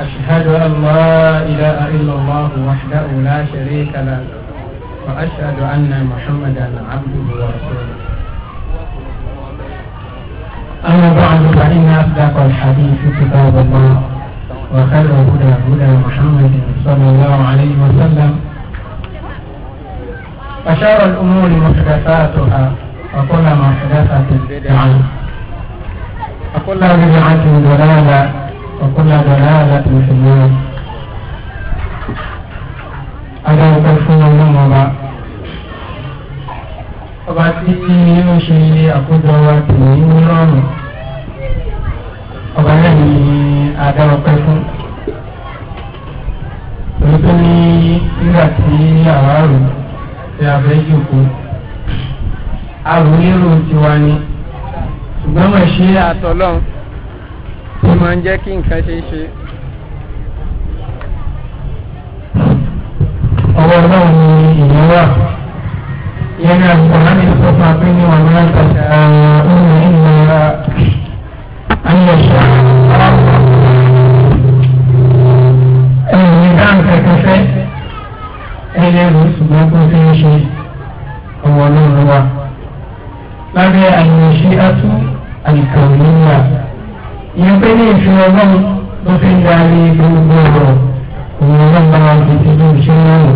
أشهد أن لا إله إلا الله وحده لا شريك له وأشهد أن محمدا عبده ورسوله أما بعد فإن أصدق الحديث كتاب الله وخير هدى هدى محمد صلى الله عليه وسلم أشار الأمور محدثاتها وكل محدثة بدعة وكل بدعة ضلالة وكل ضلالة في النار adáwọ̀pẹ́ fún ọlọ́run ọba ọba tí ó ṣe àkójọ wa tèmi ní rọrùn ọba náà ni adáwọ̀pẹ́ fún èyí tó ní nígbà tí àwa rò tí a fẹ́ jòkó a rò lérò tiwa ni ṣùgbọ́n mọ̀ ṣe àtọ̀lọ́run ó máa ń jẹ́ kí nǹkan ṣe é ṣe. ọwọ́ náà ni ìyẹn wà yẹn ní àgbọ̀nrán ní ìfọ̀fà pé ní wọn máa ń tàṣà ọ̀hún ìlera ní dáǹkà kẹfẹ́ ẹlẹ́rìí ṣùgbọ́n kó fi ṣe ọwọ́ náà wà lábẹ́ àyẹ̀ṣe atú ìyẹn pé ní ìfún ọgbọ́n ló fi ń darí gbogbo ọ̀rọ̀ òun ló bá wa fi ti dùn sí náà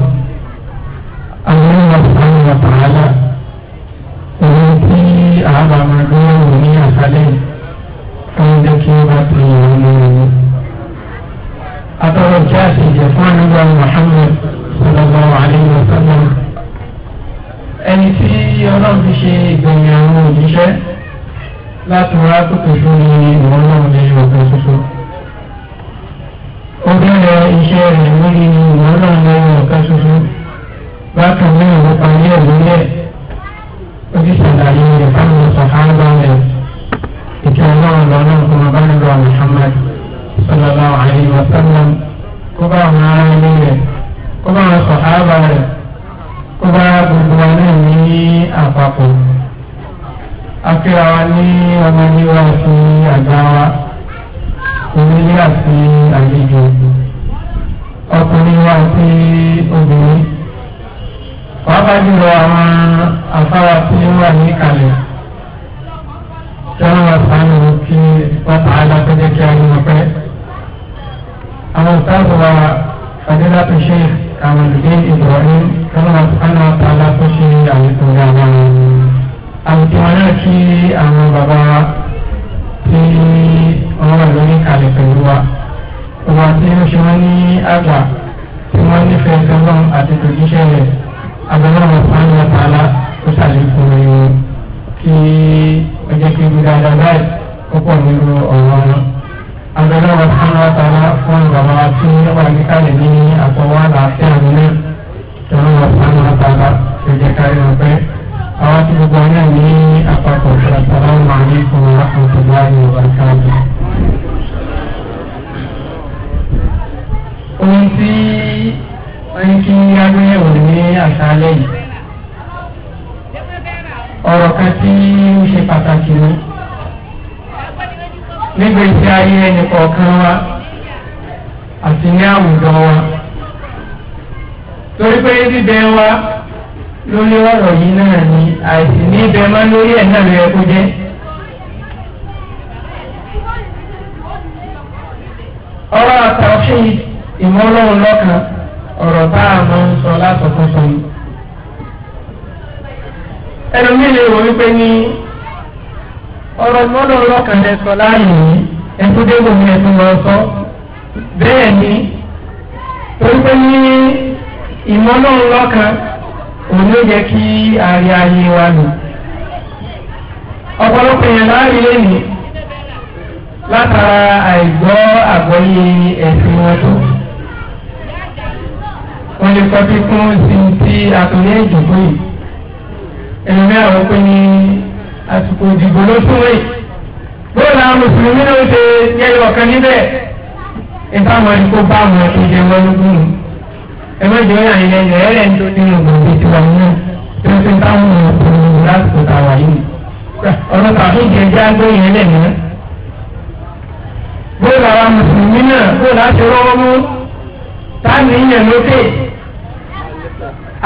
àwọn ọmọ àwọn ọmọ tààlà òun tí àbá máa dúró wò ní àkálẹ̀ òun jẹ́ kí ó bá tó ìwọ̀n lórí. atọ́rọ̀ kí a sì jẹ́ fún àníbà Muhammad sallallahu alaihi wasallam ẹni tí ọlọ́run fi ṣe ìgbẹ̀yìn àwọn òjíṣẹ́ láti wá tó kò fún ìwọ̀n náà. 願いしま eléyìí ìmọ̀lọ́run lọ́kàn ọ̀rọ̀ tá a máa ń sọ látọ̀kọ́ sọ yìí. ẹnu mi lè wọ wípé ní ọ̀rọ̀ ìmọ̀lọ́run lọ́kàn lẹ sọ láàyè yìí ẹ̀fúndébò mi ẹ̀fún lọ sọ bẹ́ẹ̀ ni wípé ní ìmọ̀lọ́run lọ́kàn òun yẹ kí àrí ayé wa lò ọ̀pọ̀lọpọ̀ yẹn láàyè lẹ́nìí látara àìgbọ́ àgbọ́yé ẹ̀sìn wọn tó. wọ́n lè kọ́ bí fún sí ti àtúnyẹ̀ ìdìbò yìí. ẹ̀rọ mẹ́rin pé ní àsìkò ìdìbò ló sún wẹ̀. bóyá làwọn mùsùlùmí ló ṣe yẹyọ ọ̀kan níbẹ̀. ìfáwọn ẹni kó bá àwọn ọ̀tún jẹ wọn lógún un. ẹ má jẹ́ ìyá ilẹ̀ ilẹ̀ ẹ̀rẹ̀ ń tó ní ògbòǹgbò tiwa náà. tí wọ́n ti ń bá wọn ọ̀tún lásìkò tàwa yìí. ọ̀rọ̀ tàbí ìjẹ́jẹ́ agbóyin bóyá àwọn mùsùlùmí náà kó láti rọ́wọ́ mú táàmì yẹn lókè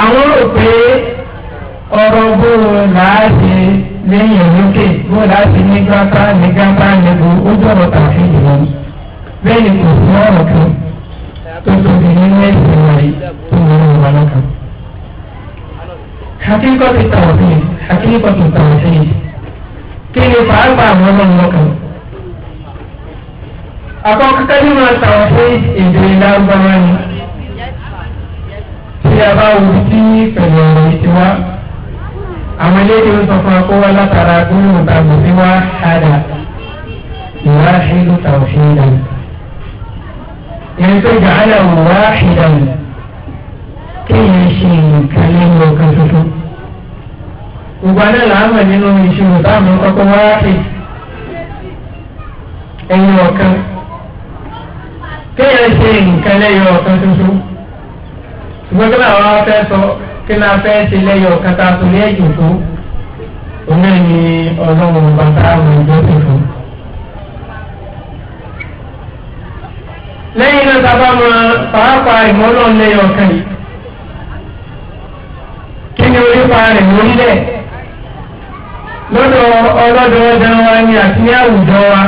àwọn rò pé ọ̀rọ̀ bó láti lẹ́yìn lókè bó láti ní gbápá ní gbápá níbo ó jọ̀rọ̀ tàbí ìlú bẹ́ẹ̀ ni kò sí ọ̀rọ̀ kan tó tóbi nínú ẹ̀sìn wáyé tó ń lò wọn lọ́kàn. hakíkọ́ ti tàwọn sí hakíkọ́ ti tàwọn sí kí ni pàápàá àwọn ọlọ́run lọ́kàn àkọ́kọ́ ní máa tàwọn pé èdè lágbára ni tí a bá wù sí pẹ̀lú ọ̀rọ̀ yìí ti wá àwọn eléyìí ń sọ fún wa kó wá látara gbólóhùn tàbí sí wá ṣáàdà ìwà ṣílù tàwọn ṣe é dànù yẹn tó jà á lẹ̀ wá ṣe dànù kéèyàn ṣe nǹkan lẹ́nu ọ̀kan tuntun gbogbo alẹ́ làámọ̀ nínú ìṣirò táwọn kọ́kọ́ wá ṣe ẹ̀yìn ọ̀kan kéèyàn ṣe nǹkan lẹ́yọ ọ̀kan tuntun ṣùgbọ́n kí náà wọ́n fẹ́ sọ kí náà fẹ́ ṣe lẹ́yọ ọ̀kan tá a tó ní ẹ̀jẹ̀ tó òun náà ni ọlọ́run bàtà àwọn ìjọ tuntun. lẹ́yìn náà tá a bá mọ pàápàá ìmọ̀lọ́run lẹ́yọ ọ̀kan yìí kí ni orípa rẹ̀ lórílẹ̀ lọ́dọ̀ ọlọ́dọ̀ ọ̀dọ̀ wa ni àti ní àwùjọ wa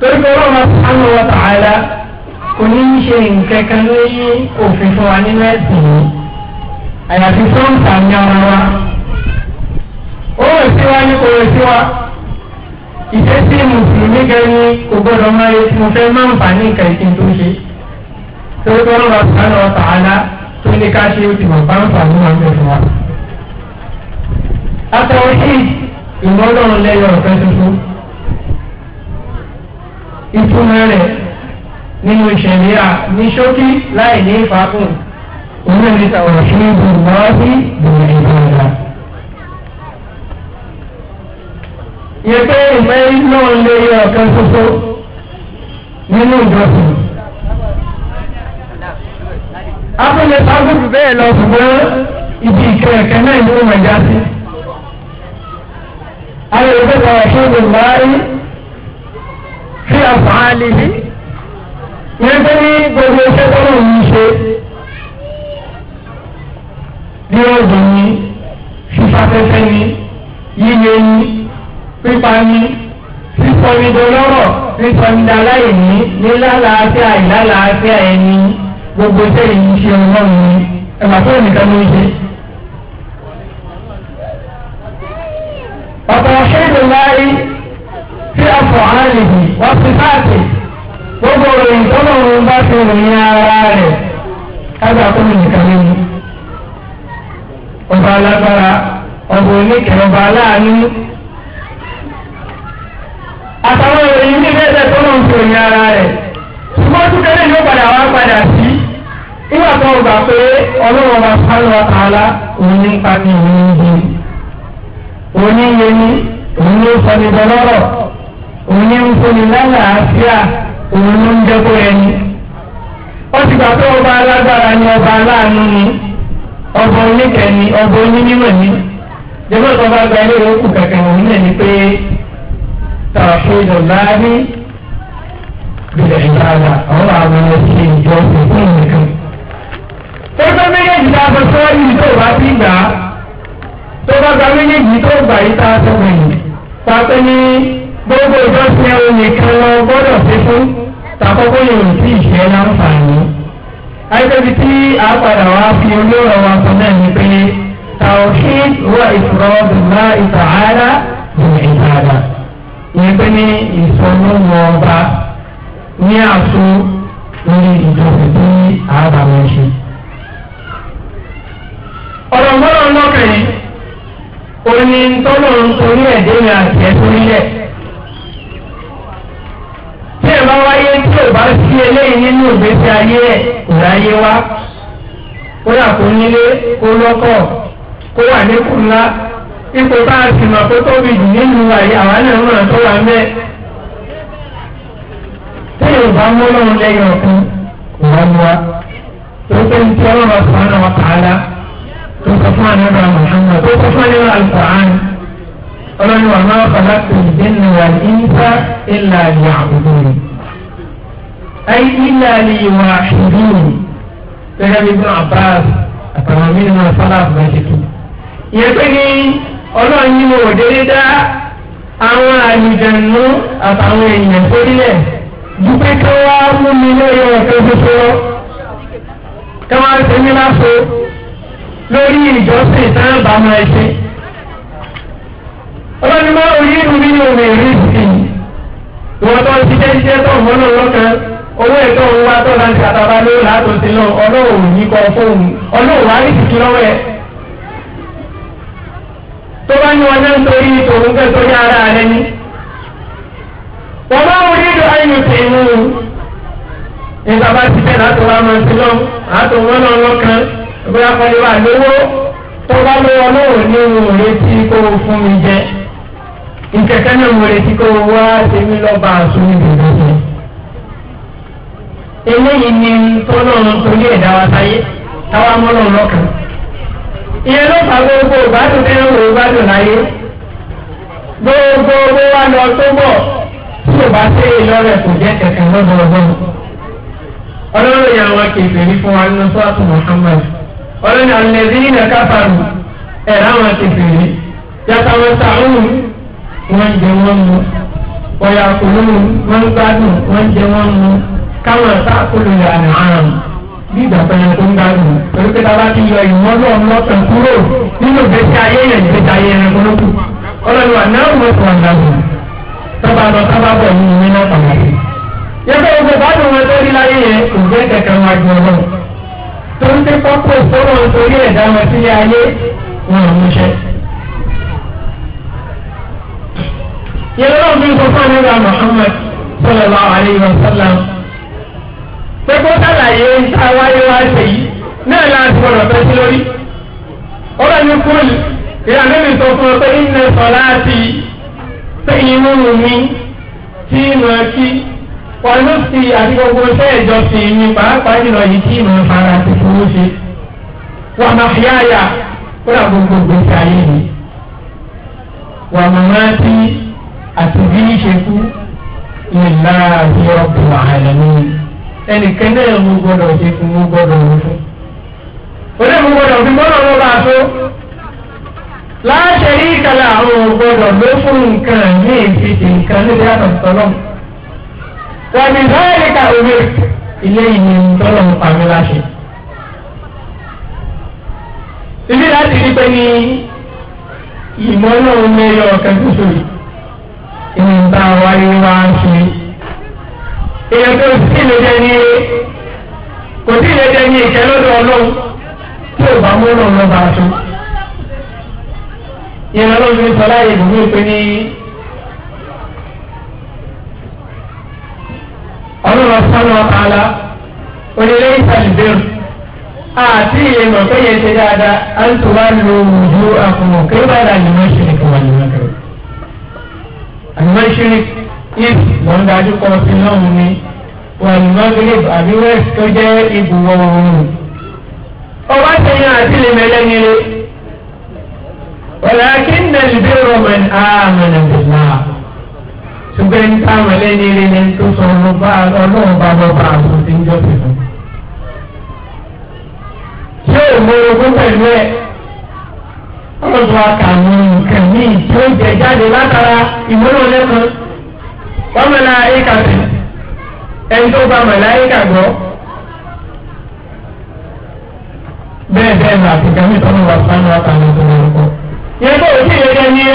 torí pé ọlọ́run subhanahu wa ta'ala kò ní í ṣe nǹkan kan lórí òfin fún wa nínú ẹ̀sìn yìí àyàfi fún ìsàmì ara wa ó rè sí wa ní kò rè sí wa ìṣesí mùsùlùmí gan ni kò gbọdọ̀ máa retí mo fẹ́ máa ń fà ní nǹkan ìsìn tó ṣe torí pé ọlọ́run subhanahu wa ta'ala tó ní ká ṣe ó ti mọ̀ bá ń fà ní wọn bẹ̀ fún wa. àtàwọn sí ìmọ̀ ọlọ́run lẹ́yìn ọ̀fẹ́ tuntun ìtumọ̀ rẹ̀ nínú ìṣẹ̀lẹ̀ à ní ṣókí láì ní ìfàkùn òun ní tàwọn ìṣòro lọ́ọ́sí ìwé ìgbàlá. yẹ pé ìmọ̀ náà lè yọ ọ̀kan ṣoṣo nínú ìjọsìn. afúnlẹ̀ sábùkù bẹ́ẹ̀ lọ ṣùgbọ́n ibi ìkẹ̀kẹ́ náà ló mọ̀ já sí. àwọn ìgbésẹ̀ ọ̀ṣun lè máa rí fi àfààní ní. Nígbà ní gbogbo iṣẹ́ tó lò ń ṣe bí ọ̀gbìn ní fífafẹ́fẹ́ ní yíyẹ ní pípa ní sísọmidolọ́rọ̀ sísọmidaláyè ní nílálàáfíà ìlálàáfíà ẹni gbogbo iṣẹ́ yìí ń ṣe ọlọ́run ní ẹ̀fà tó nìkan ló ń ṣe. Ọ̀pọ̀ ṣẹ́yìn láyé. sí àfọ̀hánì yìí wọ́n ti káàkiri gbogbo òròyìn tó lòun bá ti ròyìn ara rẹ̀ kájà tó àtàwọn ní tó ara rẹ̀ ṣùgbọ́n tí tẹ́lẹ̀ yóò padà wá padà sí nígbà tó gbà pé ọlọ́run ọba sálọ àlá òun onye ní ń fúnni lálàáfíà òun ló ń jẹ́kó ẹni. ó ti gbà ọba ni ọba aláàánú ọba ni jẹ́gbọ́n tó bá gba ilé ìwé kù kẹ̀kẹ́ òun náà ni pé tààfin ìjọba ní ìbílẹ̀ ìbára àwọn àwọn ẹ̀sìn ìjọ òkú nìkan. ọba tó méjèèjì tá gbogbo ìjọsìn ẹ̀rọ nìkan lọ gbọ́dọ̀ ṣe fún tàkọ́kọ́ yóò sí ìṣẹ́ láǹfààní. ayélujára tí a padà wá fi olóró wa sọ náà ní pé tawhid wa ìfọwọ́dùnmá ìtàhálà ìrìn ìtàhálà ìyẹn pé ní ìsọmúwọ̀ ọba ní àṣọ lórí ìjọsìn tí a bá wọn ṣe. ọ̀rọ̀ mọ́rọ̀ lọ́kàn yìí ó ní tọ́lọ̀ ń torí ẹ̀dẹ́ ní àti ẹ̀sùn ilẹ̀ tí ẹ̀ bá wáyé tí ò bá sí eléyìí nínú ìgbésí ayé ẹ̀ kò ráyé wá kó yà kó nílé kó lọ́kọ̀ kó wà ní kùnlá ipò bá a sì mọ̀ pé tóbi jù nínú àyè àwa náà mọ̀ tó wà mẹ́. tí ò bá mú lọ́run lẹ́yìn ọ̀kan kò wá mú wa tó pé ní tí ọlọ́run ọ̀sán náà wà kàá lá tó sọ fún àná ìbára mọ̀ tó sọ fún àná ìbára alùpàá ọlọ́run àmọ́ ọ̀làkù ìdẹ́nu wà nípa ìlà àlè àbúrò rẹ̀. ayé ìlà àlè ìwà ìlú rẹ̀ gẹ́gẹ́ bí bọ́n abbas àtàwọn mímu afárá àbúrò tó. ìyẹn pé ní ọlọ́run yìí wò déédéé dá àwọn àlùjẹ̀nu àtàwọn èèyàn sórílẹ̀ dúpẹ́ tó wá mú mi lóye ọ̀tọ́ gbogbo káwọn ṣe ní láṣọ lórí ìjọsìn táwọn bá máa ṣe. ọlọ́ni máa ń yí omi sí i wọ́n tó ń ṣiṣẹ́ ṣiṣẹ́ tó ń mọ́nà lọ́kàn owó ètò òun wá tó láti àtàbà ló látò sí náà ọlọ́run ní kọ ọlọ́run rí lọ́wọ́ ara rẹ ni. wọ́n máa ń rí ìdúrà yìí sí inú bá ti látò wá sí náà ìkẹ̀kẹ́ náà mo retí kó o wá ṣe mí lọ́ba àṣù níbi ìgbésẹ̀. eléyìí ni tọ́lọ́run torí ẹ̀dá wa sáyé táwa mọ́lọ́run lọ́kàn. ìyẹn ló fà gbogbo ìbádùn tẹ́ ń wò ìbádùn láyé. gbogbo owó wa lọ tó bọ̀ tí ya wọ́n jẹ wọ́n mu ọ̀yà kùnú wọ́n gbádùn wọ́n jẹ wọ́n mu káwọn ẹ̀ka olùyà àná àrùn bí ìgbà pẹ̀lú tó ń gbádùn pẹ̀lú pé tábà ti yọ ìwọ́n náà lọ́sàn kúrò nínú ìgbésí ayé yẹn ìgbésí ayé yẹn kúrò kù ọlọ́run àná wọ́n fún ọ̀nà tọ́ba lọ tọ́ba bọ̀ nínú ní náà tàbí. yẹ́pẹ́ gbogbo gbádùn wọn tó rí láyé yẹn kò kẹ̀kẹ́ wọn ju ọlọ́run tó ń dé pápó ìfowópamọ́ torí ẹ̀dá wọn sílé ayé wọn ò múṣẹ́. yẹn lọ́wọ́ bí sọ fún àníbà Muhammad sallallahu alaihi wa sallam pé kó sàlàyé tá a wáyé wá ṣe yìí náà láti gbọdọ̀ bẹ́ sí lórí ọ̀rọ̀ ní kúrò ìyá níbi sọ fún ọ pé inna salati pé ìmúrù mi tí mo kí wọn ló àti gbogbo iṣẹ́ ìjọsìn mi pàápàá jùlọ yìí tí mo fara ti fowó ṣe wọn máa fi àyà kó dà gbogbo gbèsè àti bí ní ṣe kú ìlà àbíọ́ bùrọ̀ àlẹ́ ní ẹnìkan náà mo gbọ́dọ̀ ṣe fún mo gbọ́dọ̀ wọ fún. oní mo gbọ́dọ̀ fi gbọ́dọ̀ ló bá tó láṣẹ yìí kalẹ̀ àwọn ò gbọ́dọ̀ ló fún nǹkan ní ìfìdí nǹkan níbi àtọ̀tọ̀lọ́ wọ́n ní báyìí ká òwe ilé ìní tọ́lọ̀ ń pa mí láṣẹ. ibi láti rí pé ní ìmọ̀ náà ń lé ọkàn tó sórí. ìgbà wáyé wá ń ṣe. èèyàn tó sì lè jẹ ní kò sí lè jẹ ní ìjẹ lọ́dọ̀ ọlọ́run tí ò bá múlò lọ́ba aṣọ. ìyẹn lọ́dún ní sọlá ìdùnnú pé ní. ọlọ́run onílé àti mọ̀ àlùmọ́ṣírí east ló ń dájú kọ sí lọ́hùn ni wàlúmọ́gírib àbí west tó jẹ́ ibùwọ̀ oòrùn. ọba sẹ́yìn àti lèmẹ́lẹ́nyẹrẹ wàlákin nàìjíríà roman àmàlà bùnà ṣùgbọ́n ní táwọn ẹlẹ́nyẹrẹ ni tó sọ ọlọ́run bá bọ́ bá àbùsí ń jọ́ sí fún. ṣé òun mú ogún pẹ̀lú ẹ̀? ọlọ́dún àkàwọn nǹkan míì tó jẹ jáde látara ìmúlò lẹ́kan wọ́n mẹ́la ayíkà sí ẹni tó bá mẹ́la ayíkà gbọ́ bẹ́ẹ̀ bẹ́ẹ̀ ní àtìkà mi tọ́nu wà sánú àkàwọn tó lọ́wọ́ kọ́. yẹn tó o sì lè jẹ ní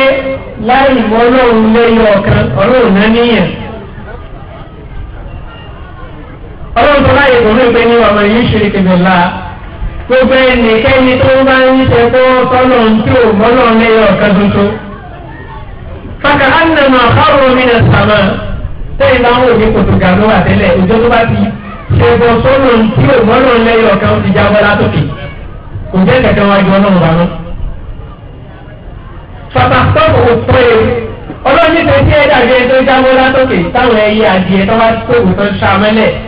láì mọ ọlọ́run lẹ́yìn ọ̀kan ọlọ́run náà níyẹn. ọlọ́run tó láyè kò ní pé ní ọmọ yìí ṣe ìkẹ̀kẹ̀ láà gbogbo ẹnikẹ́ni tó bá ń ṣe fọwọ́ sọ́nà tí ò mọ́nà lẹ́yìn ọ̀kan tuntun. Fàkà Ánàmà Kárò Mínà Sàmà tẹ́yìn láwọn òní kòtòkà ló wà tẹ́lẹ̀ ìjọ tó bá ti ṣe fọ sọ́nà tí ò mọ́nà lẹ́yìn ọ̀kan ti jábọ́ látòkè. Kò jẹ́ kẹ̀kẹ́ wájú ọlọ́run bá lọ. Fàkà sọ́ọ̀bù kò pé ọlọ́run ní tẹ́tí ẹ̀dá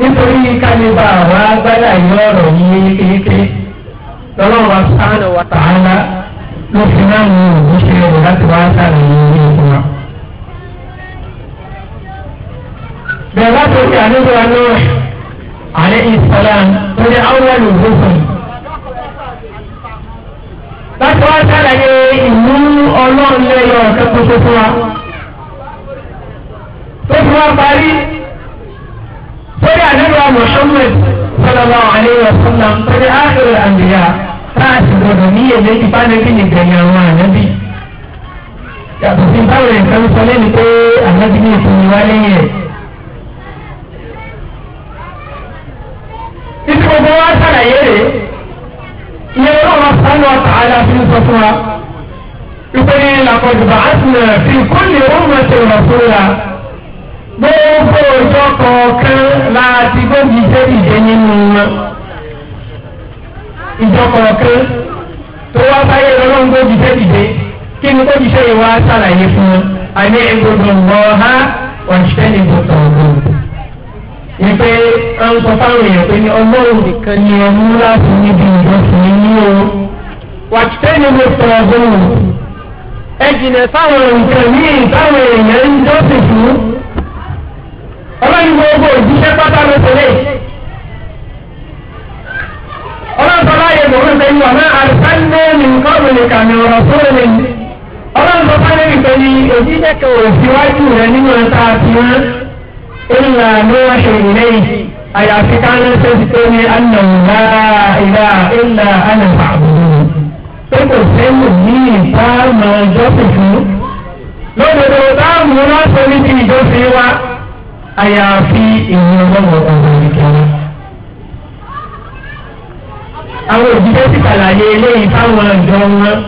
nítorí kálíbà àwọn agbádá yìí ọ̀rọ̀ yìí yékéyéké lọ́lọ́wọ́ sáánù wàtàlá ló fi máa ń mú òun ṣe rẹ̀ láti wá sáré yìí ní ìfún wa. bẹ̀rẹ̀ láti ṣe àdúgbò wa náà àlẹ́ ìsọ̀lá tó ní àwọn olùgbòsàn. láti wá sáré ìlú ọlọ́run lẹ́yọ̀ ọ̀kẹ́ tuntun fún wa. tó fi wá parí torí àdúrà Muhammad sallallahu alaihi wa sallam torí ákèrè àǹdíyà káàsì gbọdọ̀ níyè méjì bá níbi nìgbẹ̀yìn àwọn ànábì. yàtọ̀ sí báwọn nǹkan sọ lẹ́nu pé ànábì ní ìsinmi wá lẹ́yìn ẹ̀. títí gbogbo wa sàlàyé rẹ̀ ìyẹn lọ́wọ́ wọn sánú ọ̀tà aláfi ń sọ fún wa. ìpè ní làkọ̀dùbà á sì fi kúlì ó mọ̀ gbogbo ọjọ́ kọ̀ọ̀kan láti gbóbi iṣẹ́ ìṣe nínú wọn ìjọ kọ̀ọ̀kan tó wá báyé lọ́wọ́ gbóbi iṣẹ́ ìṣe kí ni gbóbi iṣẹ́ ìwà ṣàlàyé fún wọn àní egbòdò ńgbọ́ ha ọ̀ṣẹ́ ní gbòdò ọ̀gbọ̀n. ìpè ń fáwọn èèyàn pé ní ọlọ́run nìkan ni ẹ láti níbi ìjọsìn ní o wàṣẹ́ ní gbòdò ọ̀gbọ̀n. nǹkan míì èèyàn ọlọ́run gbogbo òjíṣẹ́ pátá ló tẹ̀lé ọlọ́run tó láàyè lòún ṣe yíwọ̀n náà àlùfáàlẹ́ mi nǹkan òmìnir kàmì ọ̀rọ̀ sórí mi ọlọ́run tó bá lẹ́yìn pẹ̀lú òjíṣẹ́ kan òṣìwájú rẹ̀ nínú ẹ̀ta àti wọn ìlà ló wá ṣe ìlẹ́yìn àyàfi káná ṣe ti tó ní ànàmùlá ìlà ìlà ànàmà pé kò sẹ́yìn ní ìbámu ọjọ́ tuntun lódodo báwo ló sọ ní ti ìjọsìn wa. àyàfi ìyẹn ọlọ́wọ́ ọ̀gbọ̀n nìkan. àwọn òbíjẹ́ ti ṣàlàyé eléyìí fáwọn ìjọ wọn.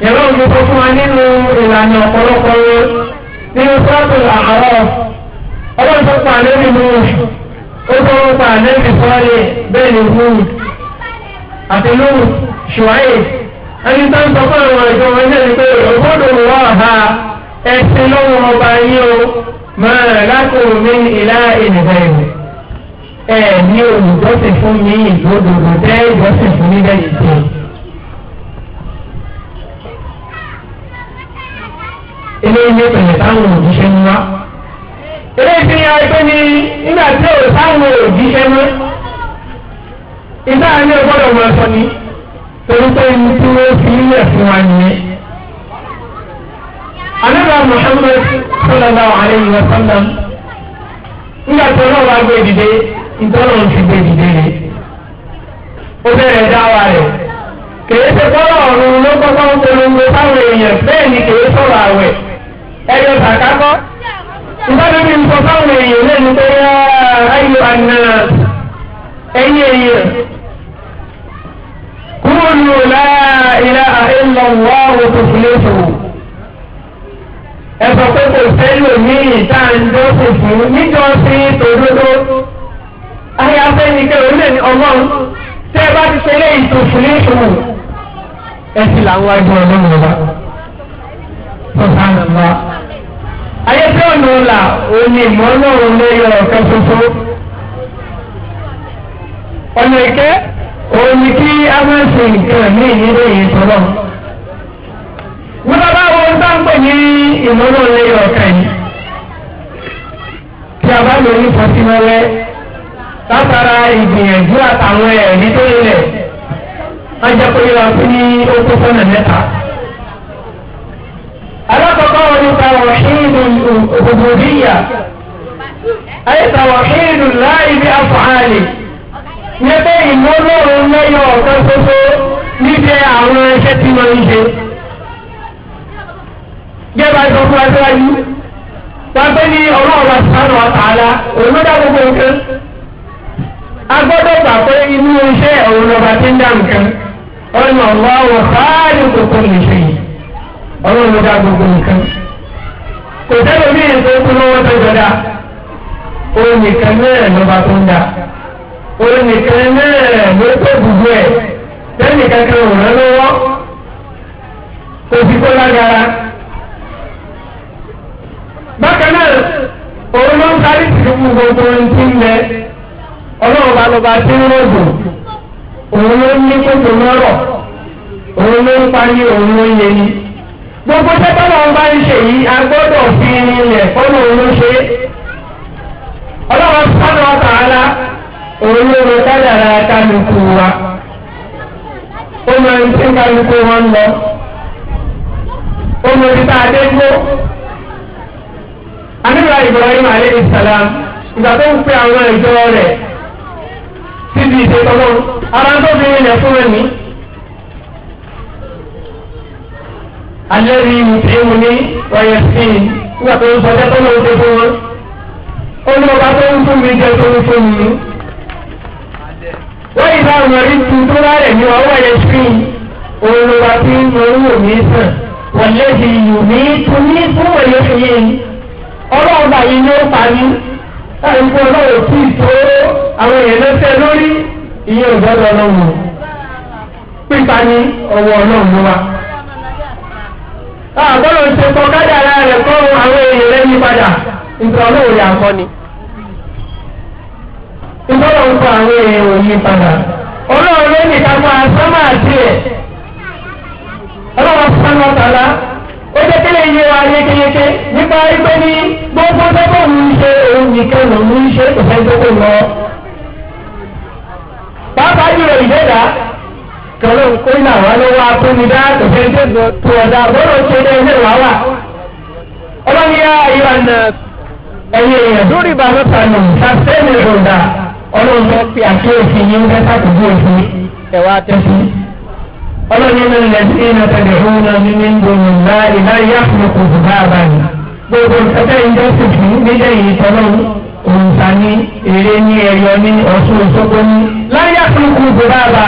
ìyàwó mi fún wa nínú ìlànà ọ̀pọ̀lọpọ̀ wọn nínú sọ́ọ̀tù àárọ̀ ọlọ́run tó pa ó tó pa bẹ́ẹ̀ ni àti ṣùwáyé ẹni tó ń sọ fún àwọn wọn o. máa lákòó mi ìlà ìnìbẹ̀rù ẹ ní olùjọ́sìn fún mi ìlódòdò tẹ́ ìjọ́sìn fún mi lẹ́yìn tó. eléyìí ní pẹ̀lẹ́ táwọn òjíṣẹ́ ń wá. eléyìí fi hàn pé ní nígbà tí ò táwọn òjíṣẹ́ mọ́ ìdáhà ní ọgbọ́dọ̀ mọ̀ ọ́ sọ ni torí pé ní tí wọ́n fi ń lẹ̀ fún wa nìyẹn. anábà Muhammad sallallahu alayhi wa sallam nígbà tí ọlọ́wọ́ bá gbé dìde wa ti gbé dìde rẹ̀ o bẹ̀rẹ̀ dáwà rẹ̀ kèé ṣe bọ́lá ló kọ́kọ́ ń polongo èèyàn ni mi kúrò ẹ sọ pé kò sẹ́lò ní ìta ìjọsìn fún níjọsìn tòdodo ayáfẹ́ ni pé orílẹ̀ ní ọlọ́run tẹ́ ẹ bá ti ṣe lé ìtòsùn ní ìṣòwò ẹ sì làwọn ajọ ọlọ́run ọba sọ̀tàn ọba ayẹ́fẹ́ ọ̀nà ọ̀la òní ìmọ̀lọ́run lẹ́yọ ọ̀kẹ́ tuntun ọ̀nà ìkẹ́ òní kí a máa ṣe nǹkan ní ìyẹ́lẹ́yìn tọ́lọ́run wọ́n bá báwo ń bá ń pè ní ìnáwó lẹ́yìn ọ̀kan yìí tí a bá lò ní pọtimọ́lẹ́ látara ìgbìyànjú àtàwọn ẹ̀rí tó yẹlẹ̀ wọ́n jẹ́ pé yíra fún ní oko fọ́nà mẹ́ta. alákọ̀ọ́kọ́ wọn ni tàwọn ṣíìdù òbòdìyà ayé tàwọn ṣíìdù láì àfọ̀hálì ní pé ìnáwó lẹ́yìn ọ̀kan ṣoṣo níbi àwọn ẹṣẹ́ tí wọ́n ń ṣe gẹ́gẹ́ bá sọ fún aṣáájú wàgbé ní ọlọ́run wa sàánù àtàlà òun ló dá gbogbo nǹkan agbọ́dọ̀ gbà pé inú iṣẹ́ òun lọ́ba ti ń dá nǹkan ọ̀nà ọ̀wọ́ káàdì gbogbo nìṣẹ́ yìí ọlọ́run ló dá gbogbo nǹkan kò sẹ́nu bí èso kú lọ́wọ́ tó jọdá òun nìkan náà lọ́ba tó ń dá òun náà ló tó gbogbo ẹ̀ sẹ́nìkan kan ò rán lọ́wọ́ kò fi kó lágara. bákan náà òun ló ń sáré ti gbogbo ohun tí ń lẹ ọlọ́run lọ́ba tí ń rògbò òun ló ń gbogbo tẹ́tọ́ náà bá ń ṣe yìí a gbọ́dọ̀ fi ilẹ̀ fọ́nà òun ló ṣe ọlọ́run sáré ọ̀tà ara òun ló ń kádàrá kálukú wa ó máa ń tí kálukú anábìrà Ibrahim aleyhi salam ìgbà tó ń pe àwọn ìjọ rẹ̀ síbi ìṣètọ́lọ́ ara tó fi rìnlẹ̀ fún ẹ̀mí. alẹ́ rí ìwù ní wáyé sí i nígbà tó ń sọjá tó lóun ṣe fún wọn. ó ní ọba tó ń fún mi jẹ tó ń fún mi. wọ́n yìí láwọn ọmọ rí tu tó bá rẹ̀ ní ọwọ́ wáyé sí i. òun ló wá sí wò mí sàn. wọ́n lé di ìwù ní tu ní fún wáyé sí i. ọlọ́run bá yìí ní ó pa ní tí ì tó àwọn èèyàn lẹ́sẹ̀ lórí ìyẹn ò gbọ́dọ̀ ọlọ́run pípa ní ọwọ́ ọlọ́run wa. àbọ̀lọ̀ ń ṣe kọ́kádà ara rẹ̀ kọ́ àwọn ni. ń kọ́ àwọn èèyàn padà yékéyéké nípa ẹgbẹ́ ní gbogbo tọ́gbọ́n mi ń ṣe òun nìkan lòún ń ṣe kò fẹ́ gbogbo lọ. pàápàá jùlọ ìdẹ́dà kọlọ́n kó ní àwọn alówó akónidá kò fẹ́ gbogbo tó ọ̀dà bọ́lọ̀ ṣe ní ẹgbẹ́ wà wà. ọlọ́niyá ayọ̀ àná ẹ̀yẹ èèyàn lórí ìbálòpọ̀ àná ṣàṣẹ́ ní ìròdà ọlọ́run fi àkíyèsí yín fẹ́ sàkóso òfin ẹ̀wà tẹ̀sí ọlọ́run ní lẹ́sí nàtàlẹ́ òun náà ní ní gbòòrò ńlá ìlà yàtọ̀ kò bá a bá ní. gbogbo ìfẹ́tẹ́ ìjọ sì fún nílẹ̀ yìí tọ́lọ́ òǹtà ní èrè ní ẹ̀yọ ní ọ̀ṣun òṣogbo ní. láyà fún kò bá a bá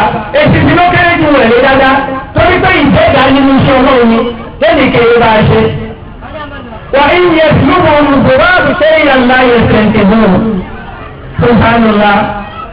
ló kéré ju rẹ̀ lé dáadáa torí pé ìjẹ́ nínú iṣẹ́ ọlọ́run ni lẹ́nu kéré bá a ṣe. wà á yẹ fún òun kò bá a bù yẹ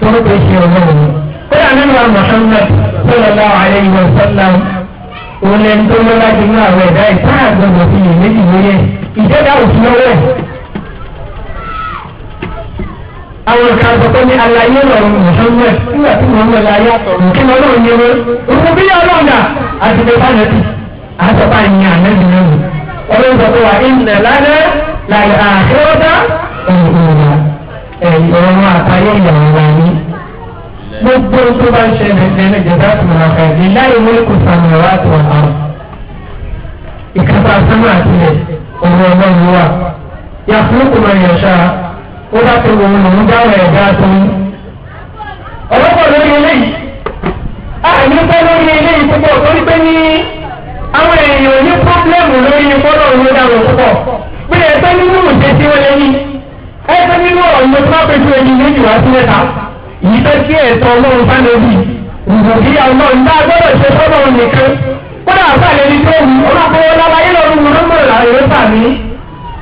tó ń pè ṣe ọlọ́run ni. kódà nínú Muhammad sallallahu alaihi wa sallam òun ẹni tó lọ́lá jù ní àwọn ẹ̀dá ìta àgbọ̀dọ̀ fi lè méjì lóye ìjẹ́dá òfin lọ́wọ́ ẹ̀. àwọn kan sọ pé ní alayé lọ́rùn Muhammad nígbà tí Muhammad láyà nǹkan ọlọ́run yẹn wọ́n òun bí ọlọ́run dà àti bẹ́ẹ̀ ọlọ́run sọ ọ̀rọ̀ àtàyè ìyàwó wa ní. gbogbo tó bá ń ṣẹlẹ̀ ṣẹlẹ̀ jẹ̀dá tó máa fẹ́ ní láì wọ́n kò sàmì ọ̀rọ̀ àti ọ̀nà. ìkàtà sánú àti ilẹ̀ ọ̀rọ̀ ọlọ́run wà. yàtúrú kò máa yàn ṣáà ó bá ti wọ̀ ọ́n lòún dáwọ̀ ẹ̀dá tó ń. ọlọ́pàá lórí eléyìí àmì pẹ́ lórí eléyìí púpọ̀ torí pé ní àwọn èèyàn ní pọ́blẹ́mù lórí fọ́lọ́ òun dáwọ̀ púpọ̀ ẹgbẹ́ nínú ọ̀rọ̀ ló máa pèsè ẹni méjì wá sí mẹ́ta yìí tó kí ẹ̀tọ́ ọlọ́run fánẹ́bì ìbò kí ọlọ́run bá gbọ́dọ̀ ṣe fọ́lọ́run nìkan kódà àfàlẹ́ ní tó wù ọlọ́pàá lábáyé lọ́rùn wọn mọ̀ láyé sàmì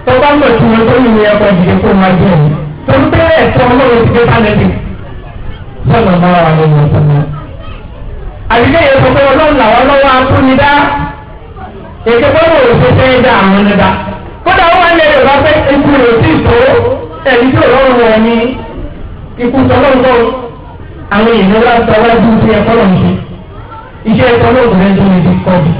tó bá mọ̀ tí wọn tó yìí ní ẹ̀kọ́ ìdílé kó máa jẹ́ yìí tó ń bẹ́ ẹ̀tọ́ ọlọ́run ti dé fánẹ́bì sọ̀nà máa wà lóyún ọ̀sán náà. àdìgẹ́ yẹn sọ pé ọlọ́run làwọn lọ́wọ́ akúnidá ètò gbọ́dọ̀ òṣèṣẹ́ dá àwọn ẹ̀dá kódà ó wà ní ẹ̀dọ̀ bá fẹ́ ikú rẹ̀ sí ìṣòro ẹ̀rí tí ọlọ́run wọ̀ ní ikú tọ́lọ́gbọ́ àwọn èèyàn wá sọ wájú sí ẹ̀kọ́ lọ́n ṣe iṣẹ́ ẹ̀kọ́ lọ́gbọ̀n tó lè fi kọ́ bi.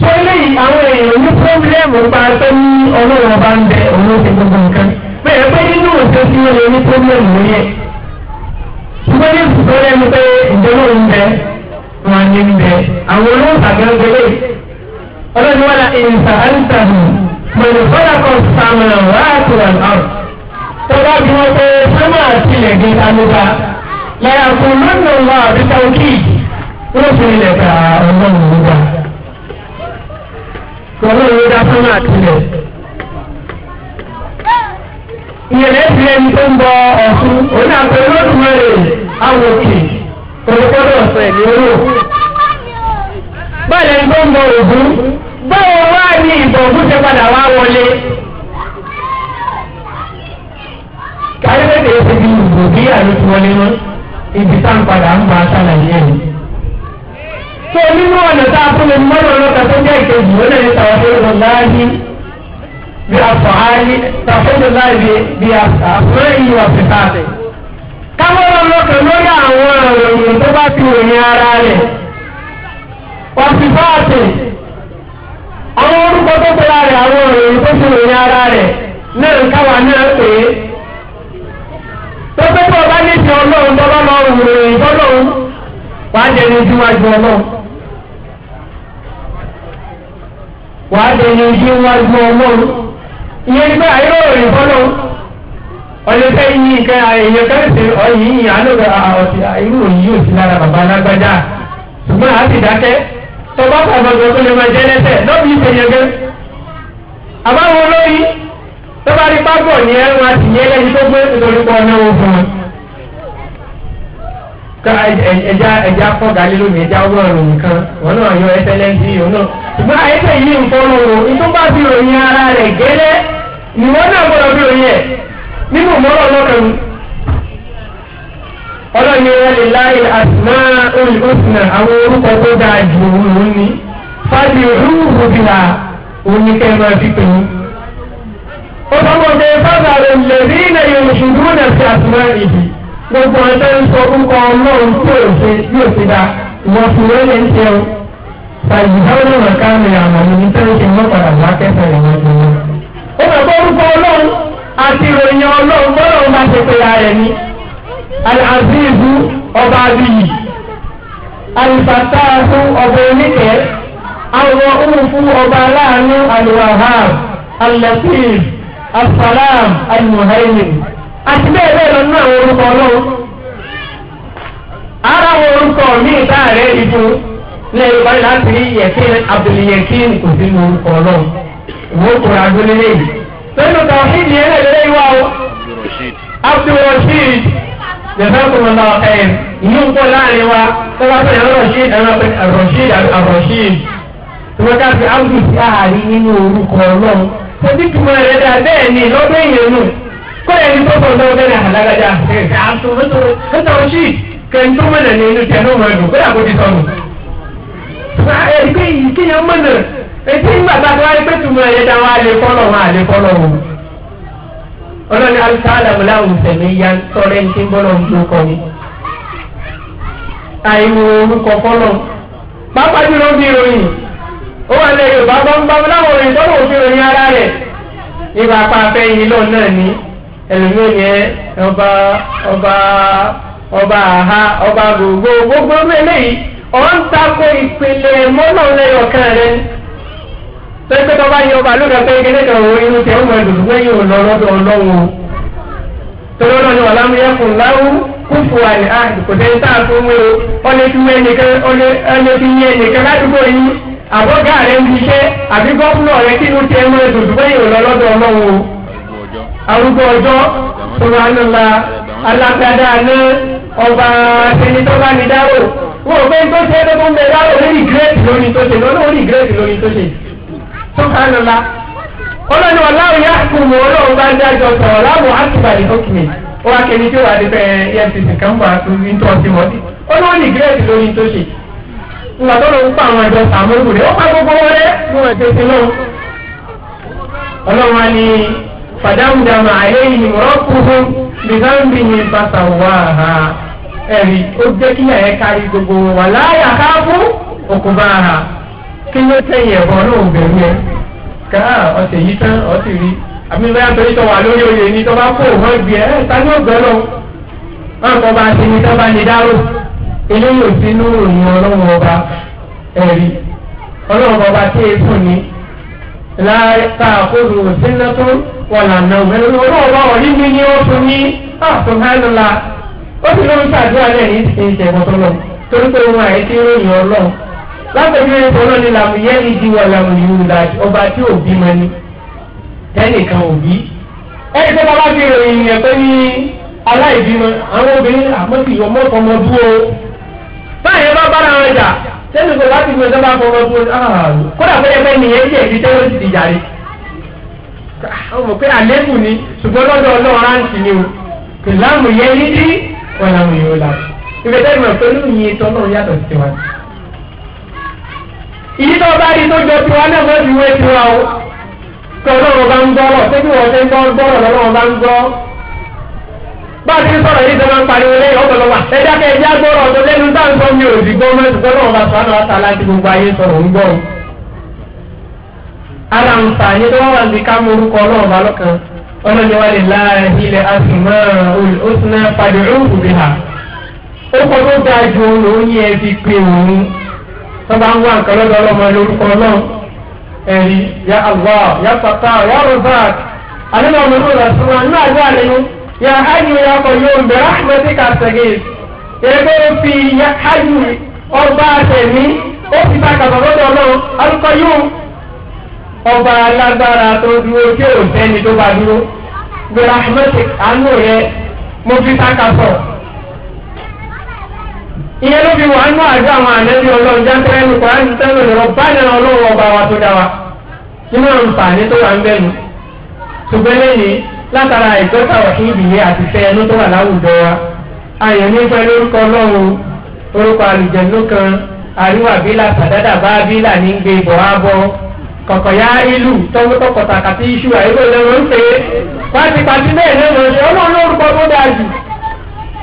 sọ eléyìí àwọn èèyàn ní pọ́blẹ́mù bá a fẹ́ ní ọlọ́run ọba ń bẹ òun ó ti gbogbo nǹkan bẹ́ẹ̀ pé nínú òṣèlú tí wọ́n lè ní pọ́blẹ́mù lórí ẹ̀ ṣùgbọ́n ní ìfúnpẹ́lẹ́nu pé ìjọba òun bẹ wọn ní bẹ àwọn olóòtú àgbẹ̀ ń gbẹlẹ́ ọlọ́run mọ̀lẹ́fọ́nà kan sàmà wáàtì wà náà. tó bá bí wọ́n pé sọ́mà àti ilẹ̀gẹ́ tanúta lẹ́yà kó lónà wà àbíta òkì wọ́n fi ilẹ̀ ká ọlọ́run nígbà. ọlọ́run ló dá sọ́mà ẹni tó ń bọ ògún. báwo wá ní ìbọ̀wọ́ ṣe padà wá wọlé. káyọ̀dé ṣe bí ìbò bí àlọ́ ti wọlé mọ́ ibi tá n padà ń bá a ṣàlàyé ẹ̀. tó nínú ọ̀nà tá a fún mi mọ́nà lọ́kà tó jẹ́ ìkejì ó lè ní tàwọn tó lọ láàyè bí a fọ ààyè tàwọn tó láàyè bí a fọ ìyí wà fi káàdì. káwọn ọlọ́kà lórí àwọn àròyìn tó bá ti wò ní ara rẹ̀ wà fi fáàtì àwọn orúkọ tó pera rẹ̀ àwọn òròyìn tó ti ròyìn ara rẹ̀ náà ń káwa náà pè é. pépé tó o bá ní ti ọlọ́run tó lọ́nà òròyìn tó lọ́run wàá jẹ ní ojú wájú ọlọ́run. wàá jẹ ní ojú wájú ọlọ́run. ìyẹn ní pé àyè òròyìn tó lọ́run. ọ̀lẹ́fẹ́ yìí nǹkan èèyàn kẹ́rìsì ọ̀yìn yìí àlọ́ irú òyìn yóò sí lára bàbá alágbájá ṣùgbọ́n àá dákẹ́. tọba àgbàgbà tó lè máa jẹ lẹsẹ lọbi ìṣèyẹgẹ àbáwọn olórí tọba rí pápọ ní ẹrù àti ní ẹlẹni tó gbé ìtòlùpọ ọ̀nà òfin ká ẹja ẹja fọgàlẹ lónìí ẹja ọgọ́rùn nìkan wọn náà yọ náà ọlọ́ni wọn lè láyé àtúmọ̀ olùkọ́sìnà àwọn orúkọ tó dáa jù òun ní fábí rúùrù bí wa òun ní kẹ́rin máa fi pè mí. ó sọ́kọ̀ pé fábà rẹ̀ lèrí ilẹ̀ yòó ṣùgbọ́n náà fi àtúmọ̀ ìdí gbogbo ọjọ́ ń sọ orúkọ ọlọ́run tó òṣè yóò ti da ìwọ fún wọn lè ń ṣe o. fàyè báwọn náà wà káàmì àmọ̀ ní nítorí ṣe mọ́ padà wá kẹfẹ́ rẹ̀ wọ́n ti mú. ó bàbá orúkọ ọlọ́run àti ìròyìn ọlọ́run alazizu ọba abiyi alifatahu ọba oníkẹ àwọn òfin ọba aláàánú alwahab alatif asalam almuhaimin àti bẹ́ẹ̀ bẹ́ẹ̀ lọ nínú àwọn orúkọ ọlọ́run ara àwọn orúkọ láti rí yẹ̀kín abdulyakin جزاكم الله خير ìyóò kó láàrin wa tó bá pè ẹrọ̀ṣí ẹrọ̀ṣí àrọ̀ṣí tó bá dàbí áwùjù sí àárín nínú orúkọ ọlọ́run tó ti túmọ̀ rẹ̀ dáa bẹ́ẹ̀ ni lọ́dún èèyàn nù kó ẹni tó bọ̀ lọ́wọ́ bẹ́ẹ̀ náà lágbájá ẹ̀ka àtò ẹ̀tọ̀ọ̀ṣì kẹ́ni tó mọ̀nà ní inú tẹ̀lé òun ẹ̀dùn bẹ́ẹ̀ àkójọ sọnù. ẹ̀ẹ́dẹ́gbẹ́ yìí kéèyàn mọ̀nà ètí ń bàbá tó wáyé pé túmọ̀ ọlọ́ni alùpàdà wò láwùn sẹ̀mí ya tọ́lẹ̀ ní bọ́lọ̀ ń gbókọ ni. àìmọ̀ orúkọ fọlọ́ pápá jùlọ bí ìròyìn ó wà lẹ́yìn yorùbá gbọ́ngbọ́n láwọn òrìn tọ́lọ̀ òfin ròyìn ara rẹ̀ nígbà apá afẹ́yìn lọ́ọ̀ náà ní ẹlòmíràn yẹn ọba ọba ọba àhá ọba gbogbo gbogbo eléyìí ọ̀ ń takò ìpìlẹ̀ mọ́nà lẹ́yọ̀kan rẹ̀ ni pẹ́pẹ́ tó bá yẹ ọba lónà pé kékeré kan òun inú tẹ̀ ọmọ ẹ̀dùn pé yóò lọ lọ́dọ̀ ọlọ́run torí ọlọ́run ni wàlámù yẹ kùn láwù kúfù àlẹ́ àdì kò tẹ́ni tá a fún wé o ó lé fi wé nìkan ó lé fi yé nìkan ládùúgbò yìí àbọ̀gá rẹ̀ ń ṣiṣẹ́ àbí gọ́fúnà rẹ̀ kí inú tẹ̀ ọmọ ẹ̀dùn pé yóò lọ lọ́dọ̀ ọlọ́run o arúgbó ọjọ́ tó máa ń lọ alágbádá ní ọba sẹ́nitọ́ bá ní dárò wọ́n ò pé tó ṣe é tó ń bẹ dárò lórí gírèsì lórí tó ṣe lọ́nà lórí gírèsì lórí tó ṣe. subhanallah ọlọ́ni wọn láwọn yá kùmù ọlọ́run bá dájọ́ sọ̀rọ̀ láwọn àtúbà ní hókìmì ó wá kéde tí ó wà débẹ̀ efcc kan wà tó ní tó ọtí wọn ó ní ní gírèdì lórí tó ṣe tó lọ ń pa àwọn ó pa kí ló tẹ̀yìn ẹ̀bọ̀ ọlọ́run bẹ̀rù ẹ̀ ká ọ̀sẹ̀ yìí tán ọ̀sẹ̀ rí àbí bẹ́ẹ̀ torí tọ́ wà lórí oyè ni tọ́ bá kó òun gbé ẹ̀ ta ni ògbẹ́ lọ. wọn kọ́ bá ti ní tọ́ bá ní dárò eléyìí ò sínú òyìn ọlọ́run ọba ẹ̀rí ọlọ́run ọba tí e fún ni láì ta àkóso òsínlẹ̀ tó wà lànà òun ọlọ́run ọba ọ̀rí mi ni ó fún ní àfọ̀hánilá ó sì lóun ṣàdúrà lẹ́yìn ìṣẹ̀gbọ̀tọ̀ lọ torí pé òun àìsí ìròyìn ọlọ́run lápẹ̀jú ẹni tó lónìí làmù yẹ ìdí wà làmù yìí la ọba tí òbí ma ní tẹ́nìkan òbí ẹni tó bá fi ròyìn yẹn pé ní aláìbímọ àwọn obìnrin àmọ́tì ọmọkọmọ dúró báyìí bá bára wọn jà sẹ́nu kò láti gbé sábà fọmọ dúró ah, kódà pé ẹgbẹ́ nìyẹn jẹ́ ìdí tẹ́wọ́ ti dìjà rí ọmọ pé àlébù ni ṣùgbọ́n lọ́dọ̀ ọlọ́run rántí ni o kò lámù la ìrẹsẹ̀ ìmọ̀ pẹ̀lú ìyẹn tọ́lọ́run yàtọ̀ ìdí tó bá rí tó jọ tiwa náà wọ́n ti wé o tó ọlọ́run bá ń gbọ́rọ̀ tó bí wọ́n ṣe ń gbọ́ gbọ́rọ̀ lọ́wọ́ bá ń gbọ́. bá a ti sọ̀rọ̀ yìí pariwo lẹ́yìn gbọ́rọ̀ tó lẹ́nu ń sọ mi ò sì gbọ́ bá tọ́ba ń wá nǹkan lọ́dọ̀ ọlọ́mọ ya Allah ya papa ya rufat alẹ́ ọmọ ìlú rẹ̀ sọ́wọ́ ya hajj ya kọ̀ yóò bẹ̀rẹ̀ ahmed kasegin ẹgbẹ́ fi ya hajj ọba àtẹ̀mí ó ti ta kàtọ́ lọ́dọ̀ ọlọ́run alùpàá yóò ọba alágbára tó ihe ló fi anụ nínú àjọ àwọn àlejò ọlọ́run jántẹ́rẹ́ nípa ẹni tẹ́lẹ̀ lọ́rọ́ báyìí náà ọlọ́run ọba wa tó dá wa nínú àǹfààní tó wà ń bẹ̀ nù. ṣùgbọ́n lẹ́yìn látara ìgbẹ́ta ọ̀kí ìdílé àti fẹ́ ẹnu tó wà láwùjọ wa ayọ̀ ní pẹ́ lórúkọ ọlọ́run orúkọ àlùjẹ̀nu kan àríwá bílà sàdádà bá bílà ní gbé bọ̀ ìlú iṣu àìkò lẹ́wọ̀n ń pè é bẹ́ẹ̀ lẹ́wọ̀n ọlọ́run lórúkọ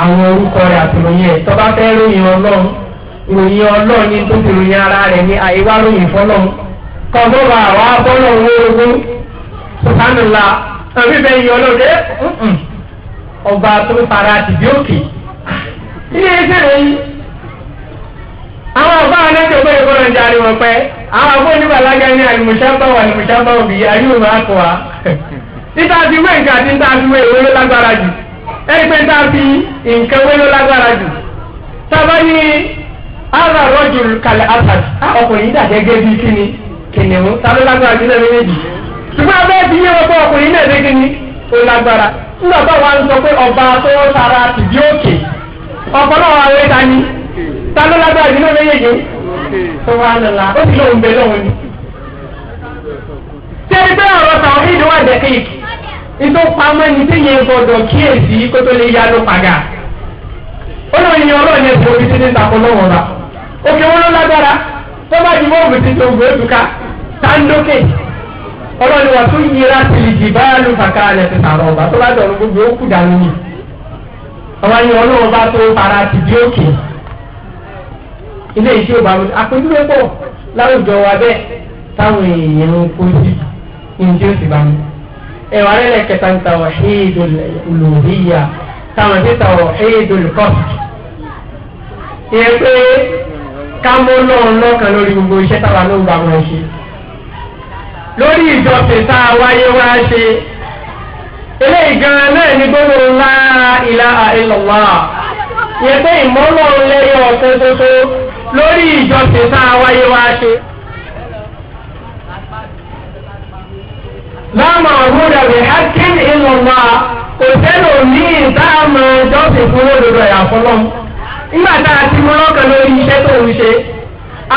àwọn orúkọ rẹ àtìròyìn ẹ tọba fẹ ròyìn ọlọ́run ròyìn ní tó ti ara rẹ ní àìwá ròyìn fọlọ́run kọ́ńtọ́ba àwa bọ́lọ̀ owó ogún sọ̀tánùlá tàbí bẹ́ẹ̀ ọba tó fara ti òkè ilé yìí ọba anájọ àwọn ní àlùmùsábà wà òbí ẹgbẹ́ tá a fi nǹkan wẹ́lẹ́ jù ara rọ́jò kalẹ̀ asad ọkùnrin yìí dàgẹ́ gẹ́gẹ́ bíi kíni lagbara lẹ́nu méjì ṣùgbọ́n abẹ́ ọkùnrin náà dé kíni nígbà tó wà ń sọ pé ọba tó òkè ni ta ló lágbára lẹ́nu méjì tó wà lọ́la ó ìtò pamọ́ ní tí yẹn gbọdọ̀ kíyèsí kó tó lè yálò padà ó lọ ní ọlọ́run yẹn fún omi títí takò lọ́wọ́ ra òkè wọn ló lágbára tó bá di mọ́ọ̀bù títí ọlọ́run yíra báyà ló sàrọ̀ ọba tó bá dọ̀rọ̀ gbogbo ó ọba yẹn ọlọ́run bá tó para ti di òkè ilé ẹ̀wà rẹ̀ kẹta ń tawhidul uluhiyya táwọn ti tawhidul qasd ìyẹn pé kámọ́ náà lọ́kàn lórí gbogbo iṣẹ́ táwa ló ń gbà wọ́n ṣe lórí ìjọsìn tá a wáyé wá ṣe eléyìí gan náà ní gbogbo la ilaha illallah yẹ pé ìmọ̀lọ́ lẹ́yọ̀ ọ̀sẹ̀ tuntun lórí ìjọsìn tá a wáyé wá ṣe. la ma'buda bi haqqin illa Allah kò sẹ́nu ní ìdáàmú jọ́sìn fún olódodo ẹ̀yà fọlọ́m. nígbà tá a ti mú kan lórí iṣẹ́ tó ń ṣe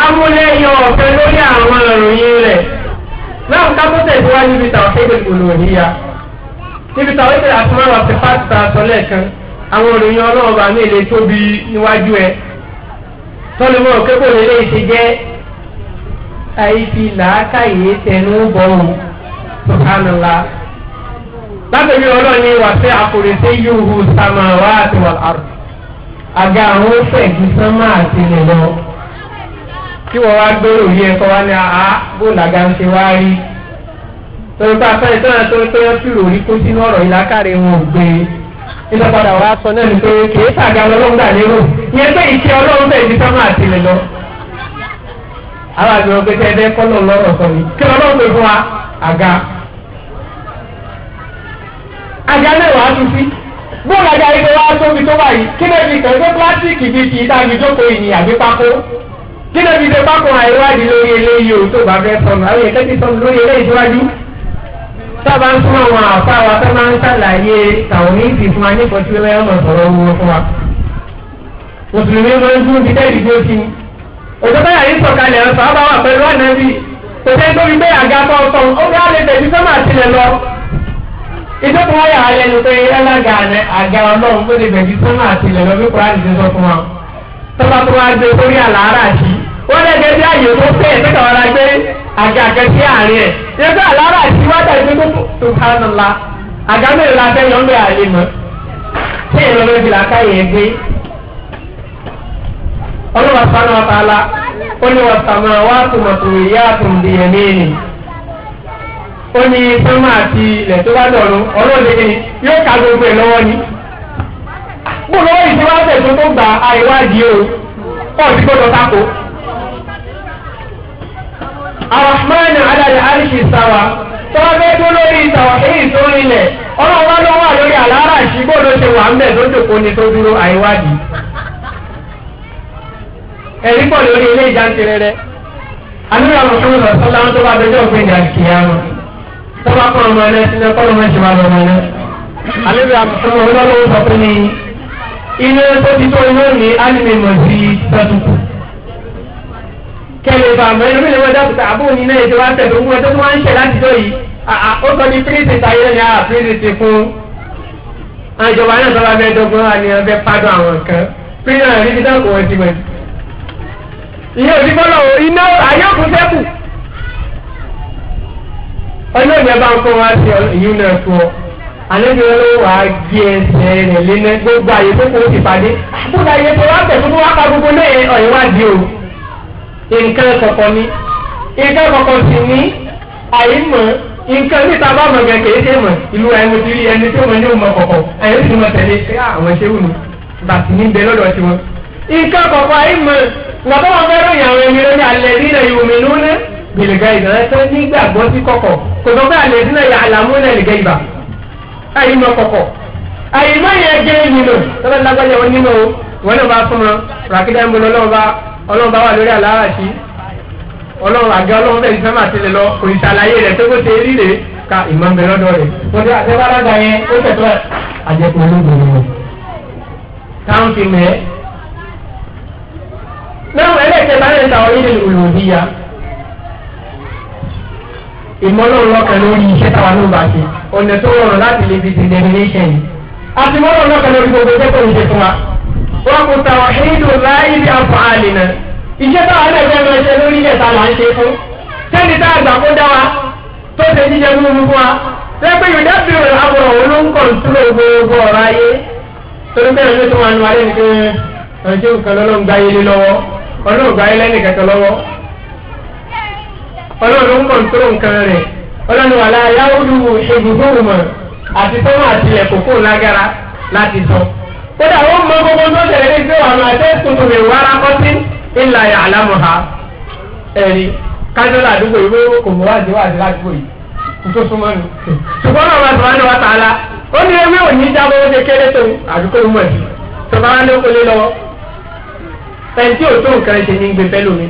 amúlẹ̀ yan lórí àwọn ìròyìn rẹ̀ náà kápó tẹ̀síwájú níbi tàwọn kéde olùhìyà níbi tàwọn kéde ti àwọn ìròyìn ọlọ́ọ̀bà lè tóbi níwájú ẹ subhanallah látàbí ọlọ́ọ̀ni wà sí àkùrẹ́sẹ́ yòówù sàmáwá àti wà àga àwọn sánmà àti ilẹ̀ kí wọ́n wá gbèrò yí ẹ̀kọ́ wá ní àá bó làga ń ṣe wá rí torí pé tó náà tó tó yọ sí kó sínú ọ̀rọ̀ ìlàkàrẹ̀ wọn ò gbé nínú padà ni kìí ọlọ́run gbà lérò ajá mẹ́wàá tún sí bóòlù ajá yìí pé wá tóbi tó báyìí kí lè fi kàn pé pílásìkì bíi ti ìdájú jókòó ìyìn àbí pákó kí lè fi ṣe pákó àìwádìí lórí eléyìí o tó bá fẹ́ sọnù àwọn èèyàn tẹ́tí sọnù lórí eléyìí síwájú sábà ń fún àwọn àfa wa tó máa ń ṣàlàyé tàwọn oníṣì fún wa nípa tí wọ́n mọ̀ sọ̀rọ̀ owó fún wa mùsùlùmí máa ń dún títẹ́ ìdíje sí i òtítọ́ yàrá ìsọ̀kalẹ̀ ọ̀sán bá wà pẹ̀lú ànábì kò sẹ́ni tó fi gbé àga tó ọ̀tọ̀ ó fi á lè tẹ̀sí sọ́mà sílẹ̀ lọ ìjọ tó wáyà alẹ́ ni pé ẹlẹ́gà àga ọlọ́run tó lè bẹ̀jú sọ́nà àti ilẹ̀ lọ́bí kura ti sọ fún wa tọ́ba tó wá gbé sórí àlàárà sí wọ́n lè gbé bí àyè tó fẹ́ ẹ̀ pẹ́tà wọ́n gbé àga kẹsí àárín ẹ̀ yẹ pé àlàárà sí wá tà ìgbé tó tó ká nà la àga mẹ́rin la fẹ́ yọ̀ ń bẹ àlè mọ́ ṣé ìlú ló fi làákà yẹ gbé ọlọ́wọ́ sọ́nà ọ̀tá la ó ní wọ́n ó àti ilẹ̀ tó bá dọ̀rùn ọlọ́ọ̀dẹ́ ni yóò ka gbogbo ẹ̀ lọ́wọ́ ni. bó lọ́wọ́ yìí ti wá tẹ̀sán tó gba àìwádìí o pọ̀ sí gbọ́dọ̀ tako. àwàmánà alàlẹ́ àríṣì sáwà tọ́wọ́ fẹ́ tó lórí ìtàwà èyí tó rinlẹ̀ ọlọ́wọ́ ṣe wà tó ni tó dúró àìwádìí. ẹ̀rí pọ̀ lórí ilé ìjà ń àníyàn lọ tó bá sábà kọ́ ọmọ ẹlẹ́ sílẹ̀ kọ́ ọmọ ìṣẹ̀má lọ ọmọ ẹlẹ́. àlejò àkùsọ̀rọ̀ ọ̀rọ̀ lọ́wọ́ sọ pé ní ilé tó ti tó ilé ní ánìmẹ̀ mọ̀ sí sẹ́tùkù. kẹlẹ̀ bá mọ ẹni mílíọ̀nù dàkútà àbúrò ní ilé ìjọba tẹ̀lé ogun ẹjọ́ tó máa ń ṣẹ̀ láti tó yìí ó sọ ní píríṣì táyé ní àá píríṣì fún àjọba náà sọ bá fẹ́ dọ́gbọ́n àni ọbẹ̀ pádùn àwọn kan píríṣì náà rí bí dákùn wọn ti mọ̀ iná ayé òkú fẹ́ kù ọlọ́ọ̀dẹ bá ń kọ́ wá sí ìyún náà fún ọ àlejò olówó wa gé ẹsẹ̀ rẹ̀ lẹ́nu gbogbo àyè tó kó ti pàdé àbúrò àyè tó wá tẹ̀sùn tó wá pa gbogbo náà ọ̀yẹ́ wá di o nǹkan kọ̀kọ̀ ni nǹkan kọ̀kọ̀ sì ní àyímọ̀ nǹkan níta bá mọ̀ gẹ̀gẹ̀ yìí ṣe mọ̀ ìlú ẹni tí ẹni tí wọ́n ní òmọ̀ kọ̀kọ̀ ẹni tí wọ́n tẹ̀lé ṣé àwọn ṣé wù ní bàtì ní bẹ lọ́dọ̀ tiwọn. nǹkan kọ̀kọ̀ àyímọ̀ làbọ̀ wọn fẹ́ràn gbèlègà ìgbà ẹ fẹ́ nígbàgbọ́ sí kọ̀kọ̀ kò sọ pé àlè sínú ẹ̀yà àlàmúnà ẹ̀lẹ́gà ìgbà àyè mọ kọ̀kọ̀ àyè mọ yẹn gé nínú tọ́lá lágbájá wọn nínú o wọn náà bá fún wọn ràkídà ń bọ ọlọ́run bá wà lórí àlàáfíà ọlọ́run àgẹ ọlọ́run bẹ́ẹ̀ nífẹ̀ẹ́ máa tẹ̀lé lọ kò ìṣàlàyé rẹ̀ tó kó ṣe rí rèé ìmọ̀ bẹ̀rẹ̀ ọ̀dọ́ rẹ̀. mo àti bàbá bá lè ìmọ̀lọ́run lọ́kàn lórí iṣẹ́ táwa ló bá ṣe ọ̀nà tó rọrùn láti lè fi dìdẹ̀mínẹ́ṣẹ̀ yìí àti mọ́lọ́run lọ́kàn lórí gbogbo iṣẹ́ tó ń ṣe fún wa wọn kò tà wọ́n ṣídùn láì bí afọ àlè náà iṣẹ́ táwa náà fẹ́ máa ṣe lórí ilẹ̀ táwa ń ṣe fún sẹ́ni tá àgbà kó dá wa tó ṣe jíjẹ ní omi fún wa lẹ́gbẹ̀ẹ́ yóò dábìrì àwòrán òun ló ń kọ̀ǹtúrò gbogbo ọ̀rọ̀ ayé torí bẹ́ẹ̀ ló tún wà nù alẹ́ nìkan ẹ̀jẹ̀ nǹkan lọ́lọ́ ọlọ́run ń kọ̀ǹtó nǹkan rẹ̀ ọlọ́run wàlá yáwúlù ìbùdóhùmọ̀ àti tó máa tilẹ̀ kókó lágara láti sọ. kódà ó mọ gbogbo tó tẹ̀lé ní sẹ́wọ̀n àmọ́ àti ẹ̀kúntù mi wàrà kọ́tí ńlá yà àlámù ha. ẹ̀rí kájọ́lá àdúgbò yìí wọ́n kò mú wáàdí wáàdí ládùúgbò yìí tó súnmọ́ nu. ṣùgbọ́n àwọn àtàwọn àwọn àtàlà ó ní ewé òní jábọ̀ ó ṣe kéré tó àdúgbò mọ̀ sí. tọ́ba wa ní ó kólé lọ́wọ́. ẹni tí ò tó nǹkan ṣe ní gbé pẹ́ lómi.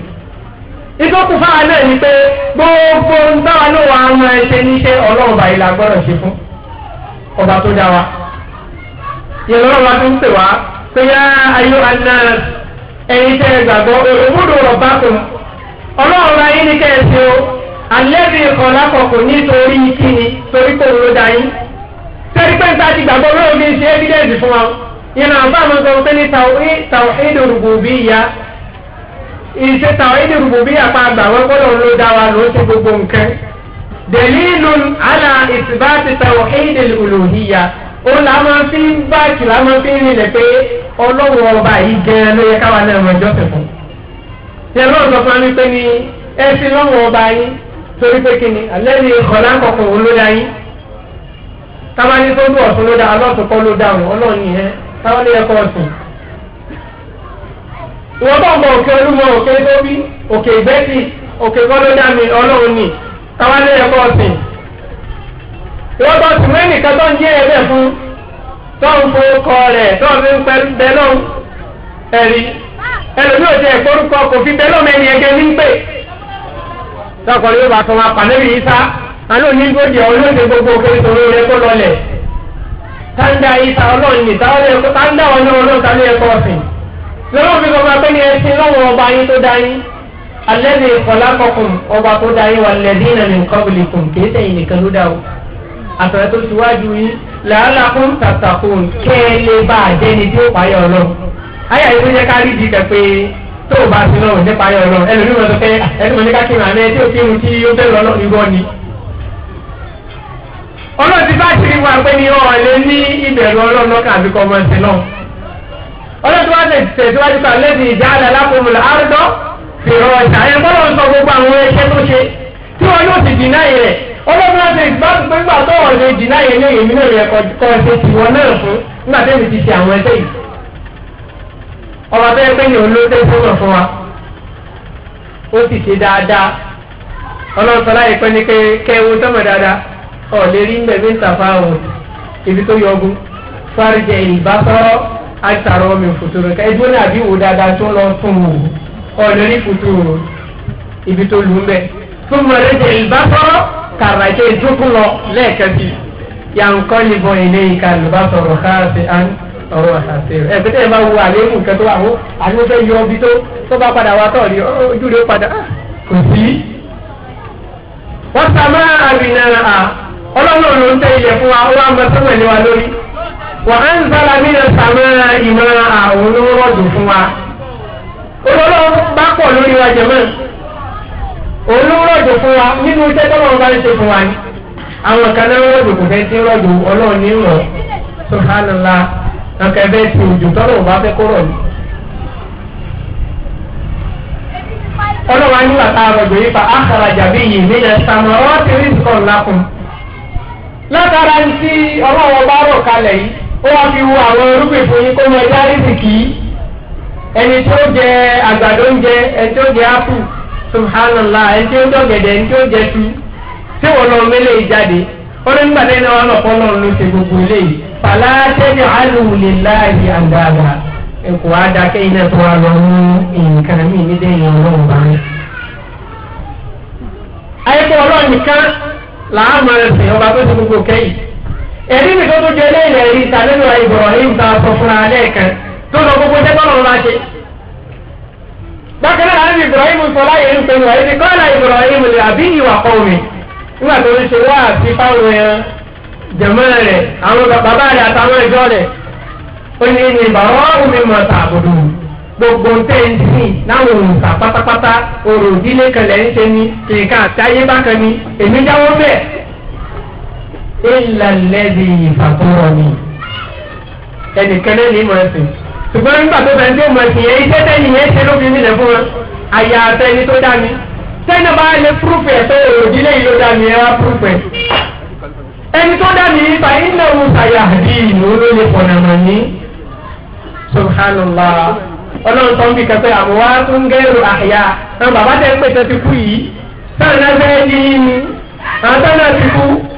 ikọ́ kú fáwọn náà ni pé gbogbo ń dáwà náà wà á ran ẹsẹ̀ níṣẹ́ ọlọ́run la gbọ́dọ̀ ṣe fún ọba tó dá wa. ìrọ̀lọ́ wa tún pè wá pé yá ayọ́ tẹ́ ẹ gbàgbọ́ ọlọ́run yín ní kẹ́ ẹ ṣe o àlẹ́bí ìkọ̀lákọ̀kọ̀ nítorí kíni torí kò ló dá yín. sẹ́ni pé níta ti gbàgbọ́ ṣe evidence fún wa ìṣe tàwọn ìdí rúbùbí àpàgbà wọn gbọ́dọ̀ ló dá wa ló ṣe gbogbo nǹkan. dèlílù àlà ìsìbá ti tàwọn ìdí olùhìyà ó là fi ń fi ń rìnlẹ̀ pé ọba yìí ló yẹ káwa náà ẹjọ́ fún ẹ fi lọ́wọ́ ọba yín torí pé kí ni alẹ́ ni ọ̀la ń kọ̀kọ̀ yín. táwọn tó ọ̀sán ló dá kọ́ ló dá ìwọ́n bá ń bọ òkè olúmọ òkè tóbi òkè ìgbẹ́sì òkè gọ́dọ́dàmì ọlọ́run ni táwa lé ẹ̀kọ́ ọ̀sìn. ìwọ́n bá sùn mẹ́rin kan tó ń jẹ́ ẹ̀rẹ́ fún tọ́hún fún ọkọ rẹ̀ tọ́hún fi ń pẹ́ bẹ́lọ́n ẹ̀rí ẹlòmíì òjò ẹ̀kọ́rúkọ kò fi bẹ́lọ́n mẹ́ni ẹ̀gẹ́ ní pè. tọkọ yóò bá tọmọ pàlẹ́bí yìí sá àlọ́ ní gbòdì ọlọ́dẹ gbogbo òkèrè tó lóore kó lọlẹ̀ táńdà yìí sá ọlọ́run ní táwọn ẹ̀kọ́ táńdà ọlọ́run táwọn ẹ̀kọ́ ọ̀sìn lọ́wọ́ fi kọ́ pé ní ẹsìn lọ́wọ́ ọba yín tó dá yín alẹ́bí kọ̀lákọ̀kùn ọba tó dá yín wà lẹ́bí náà ní nǹkan bìlì kùn kì í sẹ́yìn nìkan ló dá o àtọ̀rẹ́ tó ṣíwájú yín làálà fún tàtàkùn kẹ́ ẹ lè bá tí ó payọ̀ lọ. ayà yìí ló yẹ ká rí di kẹ tó o bá ti lọ́wọ́ nípa ayọ̀ lọ ẹlòmí wọn sọ pé ah, ẹni ká kírun àná tí ó kírun tí ó fẹ́ lọ lọ irọ́ ni. ọlọ́ọ̀tí bá ṣe wà pé ní ọ̀ọ́lẹ́ ní ìbẹ̀rù ọlọ́ọ̀lọ́kà àbíkọ́ ọmọ náà ọlọ́dún wa lè tẹ̀síwájú kan lẹ́bi ìjà alákòmù àrùdọ́ fèrè ọjà ẹ̀ bọ́lá ń sọ gbogbo àwọn ẹ̀ṣẹ̀ tó ṣe tí wọn yóò ti dìnnà yìí rẹ̀ ọlọ́dún wa lè gbàgbà tó wọn lè dìnnà yìí ní èmi náà rẹ̀ kọ́ ẹ̀ṣẹ̀ tí wọn náà fún nígbà tẹ́mi ti ṣe àwọn ẹ̀ṣẹ̀ yìí ọba bẹ́ẹ̀ pé ní olóde fúnmọ̀ fún wa ó sì ṣe dáadáa ọlọ́run sọ láyé pé ní kẹ́wó tọ́mọ̀ dáadáa ọ̀ lè rí mẹ́gbẹ́ ń tàfà òun ibi tó yọgun fárijẹ ìbásọ́rọ́ àtàrọ mi fòtòrò ká ẹjọ́ náà bí wò dáadáa tó lọ fún wò ọ̀dọ́ ní fòtòrò ibi tó lù ú mbẹ́ fún mi ọ̀rẹ́ jẹ ìbáfọ́rọ́ kàràkẹ́ ìdókùn lọ lẹ́ẹ̀kẹ́bí yankọ́ níbọn ilé ìka lùbá sọ̀rọ̀ káàsì án ọ̀rọ̀ àṣàṣe rẹ̀ ẹ̀ pẹ́tẹ́ bá wo àléébù nǹkan tó wà ó àléébù yọ ibi tó tó bá padà wá tọ̀ ní ojú rẹ̀ padà ah, kò sí. wọ́n sá máa àrìnà ọlọ́run ló ń tẹ ilẹ̀ fún wa ó wá mọ sọ́mọ̀ ní wa lórí. وأنزل من السماء ماء ونور دفوا olólùwọ́ bá pọ̀ lórí wa jẹ̀mọ́ olùrọ̀jò fún wa nínú iṣẹ́ tọ́lọ́ bá ń ṣe fún wa ni àwọn kan náà rọ̀jò kò fẹ́ tí rọ̀jò ọlọ́run ní rọ̀ sọ̀hánàlá nǹkan ẹ̀fẹ́ ti òjò tọ́lọ́ bá fẹ́ kó rọ̀ ni. ọlọ́wà ní bàtà rọ̀jò yìí fa àkàrà jàbí yìí nílẹ̀ sàmù ọ̀rọ̀ ti rí ìsìkọ̀ ńlá fún un látara ní tí ọlọ́wọ́ bá ó wá fi wo àwọn irúgbìn fún yín kó mọ ẹja rìsìkì ẹni tí ó jẹ àgbàdo ń ẹni tí ó jẹ ápù subhanallah ẹni tí ó jẹ ọ̀gẹ̀dẹ̀ ẹni tí ó jẹ tu tí wọn lọ mẹlẹ ìjáde ó ní nígbà náà wọn lọkọ náà ló ṣe gbogbo eléyìí fàlà tẹ́lẹ̀ èmi mi tó tó jẹ lẹ́yìn ẹ̀rí ìtàlẹ́lò Ibrahim ta sọ fúnra lẹ́ẹ̀kan tó lọ gbogbo jẹ́ tọ́lọ̀ máa ṣe. bákan náà àbí Ibrahim sọ láyé ń pinnu àyè kọ́ ọ̀la Ibrahim lè àbí ìwà kọ́ mi nígbà tó ń ṣe wá àti fáwọn ẹran jẹ̀mọ́ rẹ̀ àwọn bàbá rẹ̀ àtàwọn ìjọ rẹ̀ ó ní ní ìbáwọ́ omi mọ̀ tààbùdù gbogbo tẹ́ǹtì láwọn òǹkà pátápátá òrò ìdílé ń ṣe ni kìkà àtayé bákan ni èmi jáwọ́ bẹ́ẹ̀ ìlà lẹ́bi ìfàkúrọ̀ mi. ẹnìkan náà ní ìmọ̀ ẹ̀sìn. ṣùgbọ́n nígbà tó bẹ̀rẹ̀ tí ó mọ̀ ẹ̀sìn yẹn iṣẹ́ tẹ́yìn yẹn ṣe ló fi mí lẹ̀ fún wọn. àyà àtẹni tó dá mi. sẹ́ni bá lè púrúfù ẹ̀ pé òdílé yìí ló dá mi ẹ̀ wá púrúfù ẹ̀. ẹni tó dá mi fa iná wo sàyà àdí ìlú ló lè subhanallah ọlọ́run tó ń bí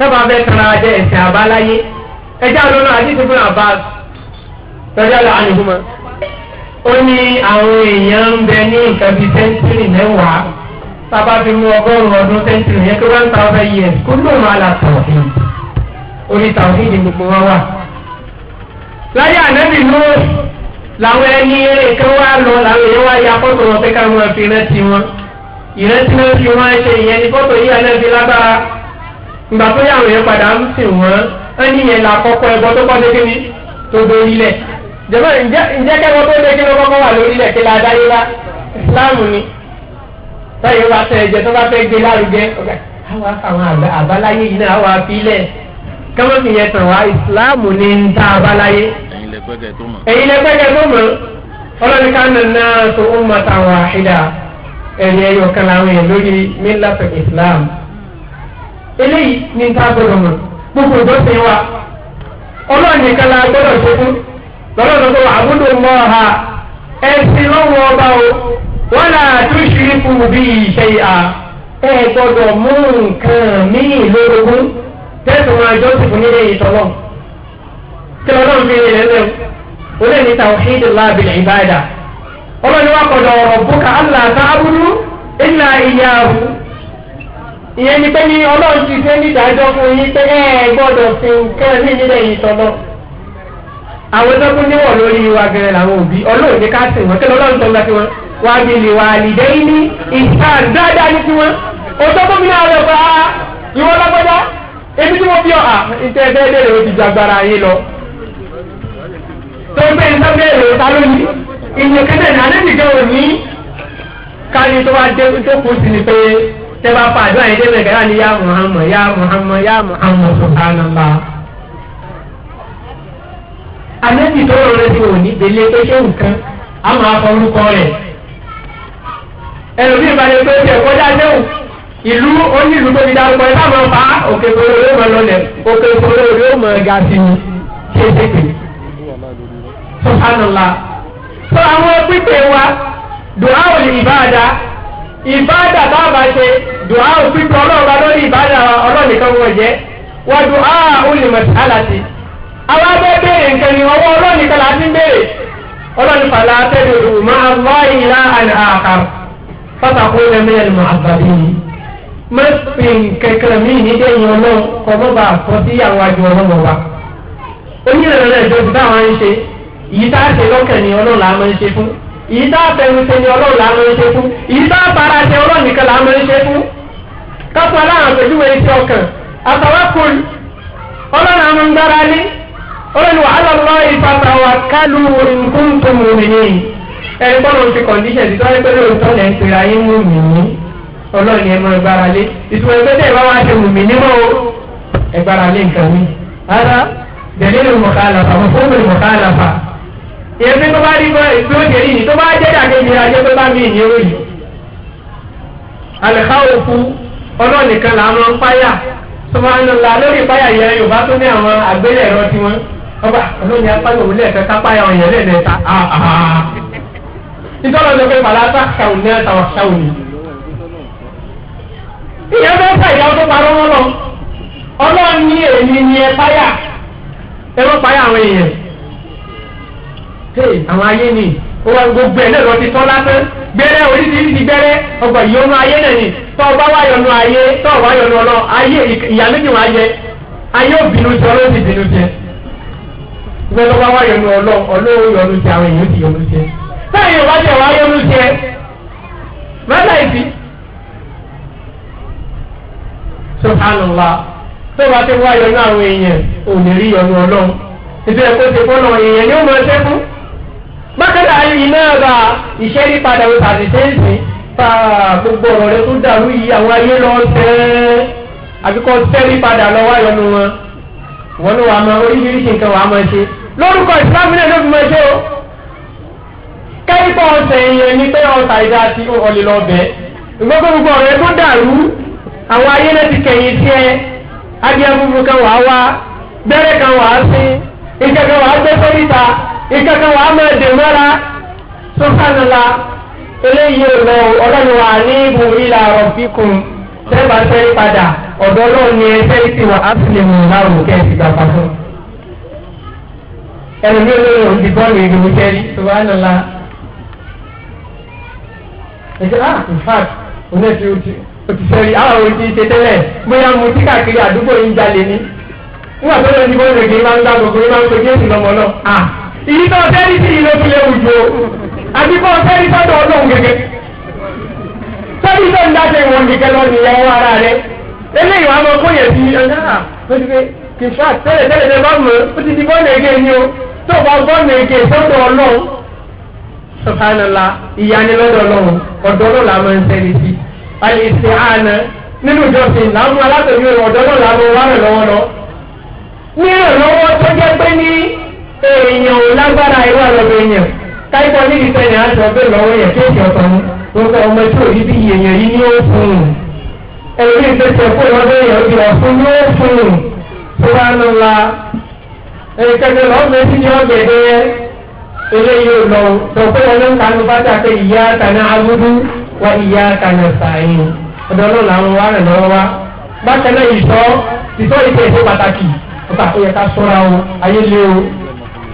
sábà bẹ́ẹ̀ tara jẹ ẹ̀sìn àbáláyé ẹjẹ́ àlọ́nà àdìsí fún àbá tọ́jú àlọ́ àníhùmọ́ ó ní àwọn èèyàn ń bẹ ní nǹkan bíi sẹ́ńtírì mẹ́wàá sábà fi mú ọgọ́rùn-ún ọdún sẹ́ńtírì yẹn tó one thousand years kó lóun àlà tọ̀hìn orí tọ̀hìn ni gbogbo wọn wà. láyé ànábì ló làwọn ẹni eré kan wá lọ làwọn èèyàn wá ya fọ́tò wọn pé káwọn fi rántí wọn ìrántí wọn fi wọn ṣe ìyẹn ní fọ́tò yìí ànábì lágbára ìgbà tó yà àwọn yẹn padà ń sìn wọ́n ẹ níyẹn la kọ́kọ́ ẹbọ tó kọ́ dékè ní tó dórí lẹ̀ jẹ́mọ́ ǹjẹ́ kẹ́kọ̀ọ́ tó dékè ló kọ́kọ́ wà lórí lẹ̀ kí la dá yé wa ìsìláàmù ni táyé wa fẹ́ jẹ tó bá fẹ́ gbé lárugẹ àwa àwọn àbáláyé yìí náà wà fílẹ̀ kọ́mọ́ fi yẹn tàn wá ìsìláàmù ni ń ta àbáláyé. ẹ̀yin lẹ́gbẹ́gẹ́ tó mọ̀. tó mọ̀ ọlọ́run ká nà tó ń mọ̀ta wà ìdá ẹ̀yẹ yọ̀kan làwọn yẹn lórí mílíọ̀tù ìsìláàmù eléyìí ní nǹkan agbọ́dọ̀ mọ̀ gbogbo ìjọsìn wa ọlọ́run nìkan la gbọ́dọ̀ ṣe fún lọ́dọ̀ tó wà àbúdó mọ́ ha ẹ̀sìn lọ́wọ́ ọba o wọ́n là tún ṣírí fún bí ìṣe à ẹ gbọ́dọ̀ mú nǹkan míì lórogún tẹ́sán wọn àjọsìn fún nílé ìtọ́lọ́ tí ọlọ́run fi rìn lẹ́lẹ́ o lè ní tàwíìdì láàbì ìbáàdà ọlọ́run wà kọ̀dọ̀ ọ̀rọ̀ bùkà allah ta'budu illa iyyahu ìyẹn ni pé ní ọlọ́run ti ṣe nídàájọ́ fún yín pé ẹ gbọ́dọ̀ fi nǹkan mí nílẹ̀ yìí tọ́lọ́ àwọn tó kún níwọ̀n lórí wa gẹ̀rẹ̀ làwọn òbí ọlọ́run ní ká sìn wọ́n kí ọlọ́run tó ń gbà sí wọn wà á bí lè wà àlìdẹ́ yìí ní ìtàn dáadáa ní sí wọn òótọ́ tó fi náà rẹ̀ fà á ìwọ lágbádá ebi tí wọ́n fi ọ̀hà ìtẹ́ ẹ̀dẹ́ẹ̀dẹ́ rẹ̀ ó ti ju agbára yín lọ. tó ń bẹ́ẹ̀ sábẹ́ rẹ̀ ta lónìí ìyẹn kẹ́tẹ̀ ní alẹ́ nìkan ò ká ní tó bá dé tó kù sí ni pé tẹ́gbà pa àdúrà yẹn débẹ̀ kẹ́yà ni yá muhammed yá muhammed yá muhammed subhanallah. anẹ́bí tó rọrùn ti wò ní délé pé ṣé nǹkan á máa fọ orúkọ rẹ̀. ẹlòmíì bá lè pé ṣe kọjá déhùn ìlú onílù tóbi dárúkọ ẹ báwọn fa òkè kòrò yóò mọ lọlẹ òkè kòrò yóò mọ ga sí i ṣe é tètè. subhanallah. sọ àwọn pípé wa dùn áwòlì ìbáàdá. ìbáàdà tá a bá ọla dùá òfìkọ ọlọ́ọ̀bá lórí ìbáàdà ọlọ́ọ̀nìkan wọ̀ jẹ́ wọ́n dùá olùmọ̀tì alàtì àwọn abẹ́ béèrè nǹkan ni ọwọ́ ọlọ́ọ̀nìkan là á ti béèrè ọlọ́ọ̀nì fàlà tẹ́lẹ̀ òdù máa lọ́ ìlà àná àkàrà pátákó ni mo àgbàdo yìí má fi mi ní kọ́ mọ́ bá fọ́ sí àjọ ìyí tá a bẹ̀rù ṣe ni ọlọ́run là á mọ iṣẹ́ fún ìyí tá a bára ṣe ọlọ́run nìkan là á mọ iṣẹ́ fún káfọ́ aláwọn àpèjúwe iṣẹ́ ọkàn àtàwákùn ọlọ́run àwọn ń dára ní ọlọ́run wàhálà lọ́ ìfàtà wà kálù nkúntùn mùmìnì ẹni bọ́lọ̀ ti kọ̀ndíṣẹ̀ ti sọ́yẹ́ pé lóòótọ́ lẹ́ ń pèrè ayé mùmìnì ọlọ́run yẹn mọ ìgbára lé ìtumọ̀ ẹgbẹ́ tẹ̀ bá wá ṣe mùmìnì mọ́ o ẹgbára lé nǹkan mi. ara dẹ̀lẹ́lù mọ̀kálàfà mọ̀fọ́mù mọ̀kálàfà rẹ̀ pé ó jẹ́ yìí tó bá jẹ́ dàgé mi ra jẹ́ pé bá mi ìní orí yìí. àlẹ́ká òfu ọlọ́nìkan là ń lọ páyà sọmọ́nàlá lórí ìpáyà yẹn Yorùbá tó ní àwọn àgbélẹ̀ ẹ̀rọ tiwọn ọba olóyìn apáyọ̀ òun lẹ́ẹ̀kẹ́ kápáyà ọ̀yẹ́ lẹ́ẹ̀mẹ́ta ah, ah, ah. nítorí ọjọ́ pé pàlátà ṣàwùn ní àtàwọn ṣàwùn ni. ìyẹn bẹ́ẹ̀ fà ìyá tó parọ́ wọn lọ ọlọ́run ní èmi ni ẹ páyà ẹ wọ́n páyà àwọn èèyàn àwọn ayé ni ó wá gbogbo ẹ̀ náà lọ ti tọ́ lásán gbẹ́rẹ́ oríṣiríṣi gbẹ́rẹ́ ọgbà ìyọnu ayé náà ni tọ́ ọ bá wá yọnu ayé tọ́ ọ wá yọnu ọlọ ayé ìyàlẹ́yìn wa yẹ ayé òbínú jẹ ọlọ́ọ̀ ti bínú jẹ ìgbẹ́ tó bá wá yọnu ọlọ ọlọ́ọ̀ yọnu jẹ àwọn èèyàn ti yọnu jẹ táyà yóò jẹ wá yọnu jẹ mẹ́ta ìdí subhanallah tó bá ti wá yọnu àwọn èèyàn ò ní rí yọnu ọlọ́ọ̀ ìdí ẹ̀kọ́ ti fọ́nà bákan náà yìí náà ra tàbí sẹ́ǹsì fa gbogbo ọ̀rọ̀ rẹ tó dàrú yìí lọ tẹ́ àbíkọ́ tẹ́rí lọ wáyọ̀ nu wọn wọn ló wà á oríṣiríṣi nǹkan ṣe lórúkọ ìsìlámù náà ló fi máa ṣe o kẹ́ríkọ́ ọ̀sẹ̀ èèyàn ni pé ọ̀sà ìdá àti lọ bẹ̀ gbogbo ọ̀rọ̀ rẹ tó dàrú àwọn ayé kẹ̀yìn sí ẹ adìẹ kan ìkankan wàá máa dè mọ́ra sọ́kànnìlá eléyìí lọ ọlọ́run wa ní ibù ilà ọ̀bíkun sẹ́gbà sẹ́rí padà ọ̀dọ́ ọlọ́run ni ẹsẹ́ ti wà á sì lè mú láwùjọ kẹ́ ẹ ti Ele fún. ẹnu mi ò lóyún ti bọ́ọ̀lù ìlú jẹ́rí sọ́kànnìlá. ẹ̀jẹ̀ ah in fact òun ẹ̀ ti o ti o ti sẹ́rí àwọn ohun ti ṣe tẹ́lẹ̀ bóyá mo ti káàkiri àdúgbò yín jalè ní. nígbà tó lọ sí bọ́ọ̀lù ìgbìmọ̀ ń gbà gbogbo ìgbà ń gbogbo ìyí tó sẹ́rí sí ìlú tó léwu jù ó àti kó sẹ́rí sọ́dọ̀ ọlọ́run gẹ́gẹ́ sẹ́rí tó ń dájẹ́ ìwọ̀n gẹ́gẹ́ lọ nìyẹn wọ́n ara rẹ eléyìí wọn a máa kóyè sí ọjà kìfà tẹ́lẹ̀ tẹ́lẹ̀ tẹ́lẹ̀ bá mọ̀ ó ti di bọ́ọ̀lù èké ni ó tó bá bọ́ọ̀lù èké sọ́dọ̀ ọlọ́run sọ̀kánilá ìyanilọ́dọ̀ ọlọ́run ọ̀dọ́ ọlọ́run la máa ń sẹ́ni sí alẹ́ ìsìn àná nínú ìjọsìn làwọn alátẹ̀wé ọ̀dọ́ ọlọ́run la máa ń wá rẹ̀ lọ́wọ́ lọ. ní ìrànlọ́wọ́ tó jẹ́ pé ní èèyàn ò lágbára irú àlọ́bẹ̀ èèyàn táìpọ̀ ní ìfẹ́ ni a sọ pé lọ́wọ́ yẹn tó kì ọ̀tọ̀ ni gbogbo ọmọ tí òbí bí èèyàn yìí ni ó fún un ẹ̀rọ ní ìgbésẹ̀ pé lọ́wọ́ èèyàn ti ọ̀fun ni ó fún un tó bá ń la ẹ̀ẹ́dẹ́gbẹ́ lọ́wọ́ mi ti ní ọ̀gẹ̀dẹ̀ eléyìí ò lọ sọ pé ọlọ́ntàánu bá tà pé ìyá kaná agudu wá ìyá kaná sàáyìn ọ̀dọ́ náà làwọn wá rẹ̀ lọ́wọ́ wá bákan náà ìsọ ìsọ ìfẹ́ ìfẹ́ pàtàkì ọ̀tà ó ká sọ́ra o ayé lé o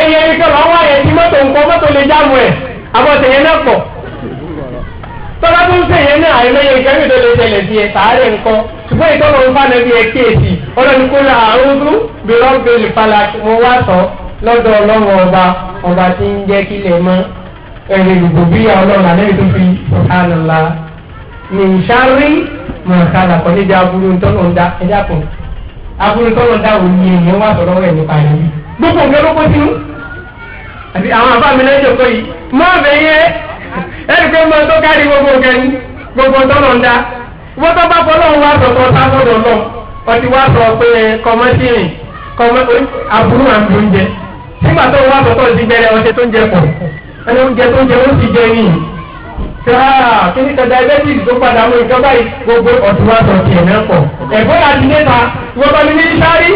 èyí ẹni kan lọ́wọ́ ayẹ tí mọ́tò nǹkan mọ́tò lè jáàmù ẹ̀ àbọ̀tẹ̀ yẹn náà pọ̀ tọ́lá tó ń sèyẹn náà àìmọye ìkẹ́rì tó lè tẹ̀lẹ̀ sí ẹ̀ sàárẹ̀ nǹkan ṣùgbọ́n ìtọ́nà ń fa nàbí ẹ kéèsì ọlọ́ni kó la àrùndú bí rọ́bìlì falà mo wá sọ lọ́dọ̀ ọlọ́run ọba ọba tí ń jẹ́ kílẹ̀ mọ́ ẹ̀rẹ̀ ìbò bí ọlọ́run àlẹ́ tó fi sọ̀tánàlá ní ìṣáárí mọ̀ọ́sálà kọ́ níjà aburú tọ́lọ̀ gbogbo ògbẹ́ ló kó sínú àti àwọn àbá mi lẹ́jọ́ kọ́ yìí mọ́ ọ̀bẹ yẹ ẹni pé mo tó kárí gbogbo ògbẹ́ ni gbogbo tọ́nà ń da wọ́n tó bá fọ́ lọ́wọ́ wá sọ̀tọ̀ sáfọ́dọ̀ lọ ọtí wá sọ pé kọmọ́sírìn kọmọ́ aburú àbí oúnjẹ nígbà tó wá sọ̀tọ̀ sí bẹ̀rẹ̀ ọtí tó ń jẹ pọ̀ ẹni oúnjẹ tó ń jẹ ó sì jẹ nìyí kíá kíní kan diabetes tó padà mú ìjọba yìí gbogbo ọ̀tún wá sọ tiẹ̀ náà pọ̀ ẹ̀fọ́ yà ti níta wọ́n bá ní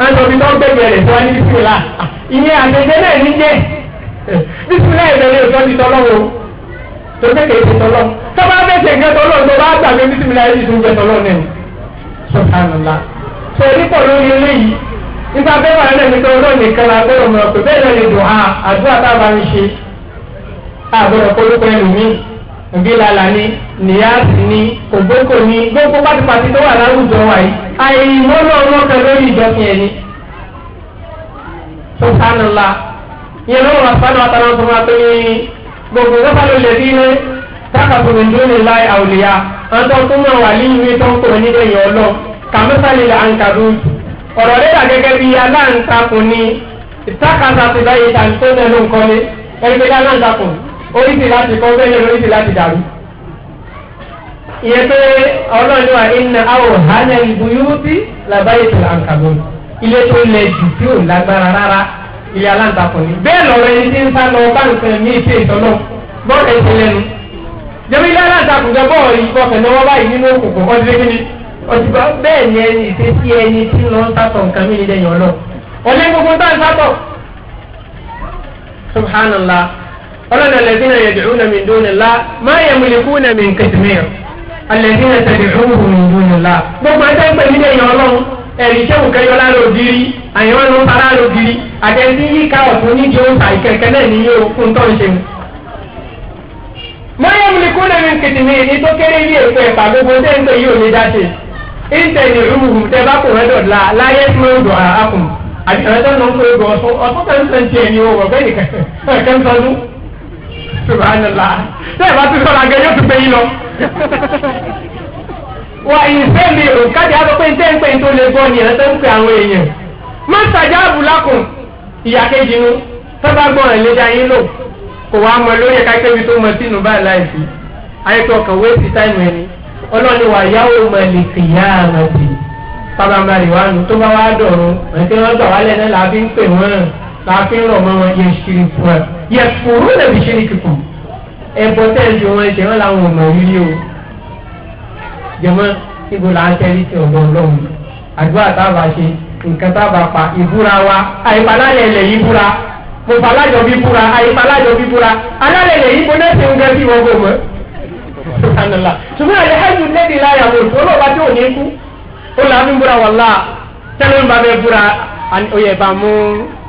ẹnìtọ́bi tó ń gbẹ̀gbẹ̀ rẹ̀ fún ẹni bisimilá ìyẹn àtẹ̀jẹ́ náà ní jẹ́ bisimilá ìbẹ̀rẹ̀ òtọ́ ti tọ́lọ́ o tó kékeré ti tọ́lọ́ tó bá fẹ́ ṣe nǹkan tọ́lọ́ tó bá gbà pé bisimilá yìí tún jẹ tọ́lọ́ náà sọ̀tànùlá tó onípọ̀ lórí eléyìí nípa bẹ́ẹ̀ wà lẹ́nu pé ọlọ́run nìkan la gbọ́dọ̀ mọ̀ pé bẹ́ẹ̀ lẹ́nu dùn á àdúrà tá a bá ń ṣe àgbọ̀dọ̀ polúkọ ẹlòmíì òbí lálàá ní níyàtì ni ògbókò ni gbogbo pátipàti tó wà láwùjọ wa yìí àìmọ́ náà lọ́kàn lórí ìjọsìn ẹni. sọ́sánùlá yẹn lọ́wọ́ sánù àtàwọn tó máa tó ní gbogbo sọ́sánù lè rí ní sákàtúndì lónìí láì àwùlíyà àwọn tó tún náà wà nínú ètò ń pè ní ẹ̀yìn ọlọ́ kàmúsàlì là ń kàdú. ọ̀rọ̀ rẹ̀ dà gẹ́gẹ́ bí aláǹtakùn ni ìtàkàtà ti báyìí tàbí tó nẹnu nǹkan ní ẹgbẹ́ aláǹtakùn oríṣi láti kọ́ bẹ́ẹ̀ lóríṣi láti dàrú ìyẹn pé ọlọ́run ní wa iná àwọn hànà ìbúyúbí làbáyé tó àǹkàbó ilé tó lẹ jù tí ò lágbára rárá ilé aláǹtakùn ni bẹ́ẹ̀ lọ́rọ̀ ẹni tí ń sá lọ bá nǹkan ní ìpè ìtọ́nà bọ́ọ̀lù ẹ̀sìn lẹ́nu jẹ́bi ilé aláǹtakùn gẹ́ bọ́ọ̀lù ìfọkàn náà wọ́n báyìí nínú òkùnkùn ọdún lé kíni bẹ́ẹ̀ ni ẹni ìfésí ẹni tí ń lọ ń sátọ̀ nǹkan mí alẹ́sìn ẹ̀sẹ̀ lè fún òun ìlú ńlá. gbogbo ẹ̀sẹ̀ ń pè mí lẹ́yìn ọlọ́run ẹ̀rí sẹ́wù kẹyọ lára ògiri àyẹ̀wò ló ń para lára ògiri àtẹ̀sí yí ká ọ̀tún nídìí oúnjẹ ìkẹ̀kẹ́ náà ní yóò fún tó ń ṣe. mọ́yọ́mù ni kúnlẹ̀ mi kìtì ní ìdí tó kéré ní èso ẹ̀pà gbogbo tẹ́ ń tẹ̀ yóò lè dá ṣe. ìtẹ̀ ní rúbùrù tẹ́ bá kò rẹ́ dọ̀la láyé tí ó dọ̀ àákùn àti subhanallah tẹ́ ẹ̀ bá ti sọ̀rọ̀ àgẹ́ yóò tún pé yín lọ. wà ìsẹ́mi òkàdé àtọ́pẹ́ ní tẹ́ǹpẹ́ tó lè gbọ́ ni ẹ̀ tẹ́ ń pè àwọn èèyàn. má sàjáàbù lákùn ìyá kejì nu tó bá gbọ́ ẹ̀ léjà yín lò kò wá mọ lórí ẹ̀ka kébi tó mọ sínú bá láìsí. ayétọ́ kan wé sí táìmù ẹni ọlọ́ni wà yáwó mọ̀lẹ́kì yá àmàdì pàbàmàrì wa nù tó bá wá dọ̀rùn ẹ̀ yẹ kúrú lẹ́bi ṣe ní kíkùn ẹ̀bọ tẹ́lifí wọn ṣe wọn làwọn ọmọ yìí o jẹmọ ibo là ń tẹ́lí ti ọ̀dọ̀ ọlọ́run àdúrà tábà ṣe nǹkan tábà pa ìbúra wa àìbalálẹ̀ lẹ̀ yìí búra mo balájọ bí búra àìbalálẹ̀ bí búra alálẹ̀ lẹ̀ yìí bọ́lá ṣe ń gẹ́ bí wọ́n gbọ́ mọ́ ṣùgbọ́n àlẹ́ hajj lẹ́bi láyà wò tó lọ́ba tí ò ní kú ó là ń búra wàlá tẹ́lẹ̀ ń bá bẹ́ búra oyè bá mú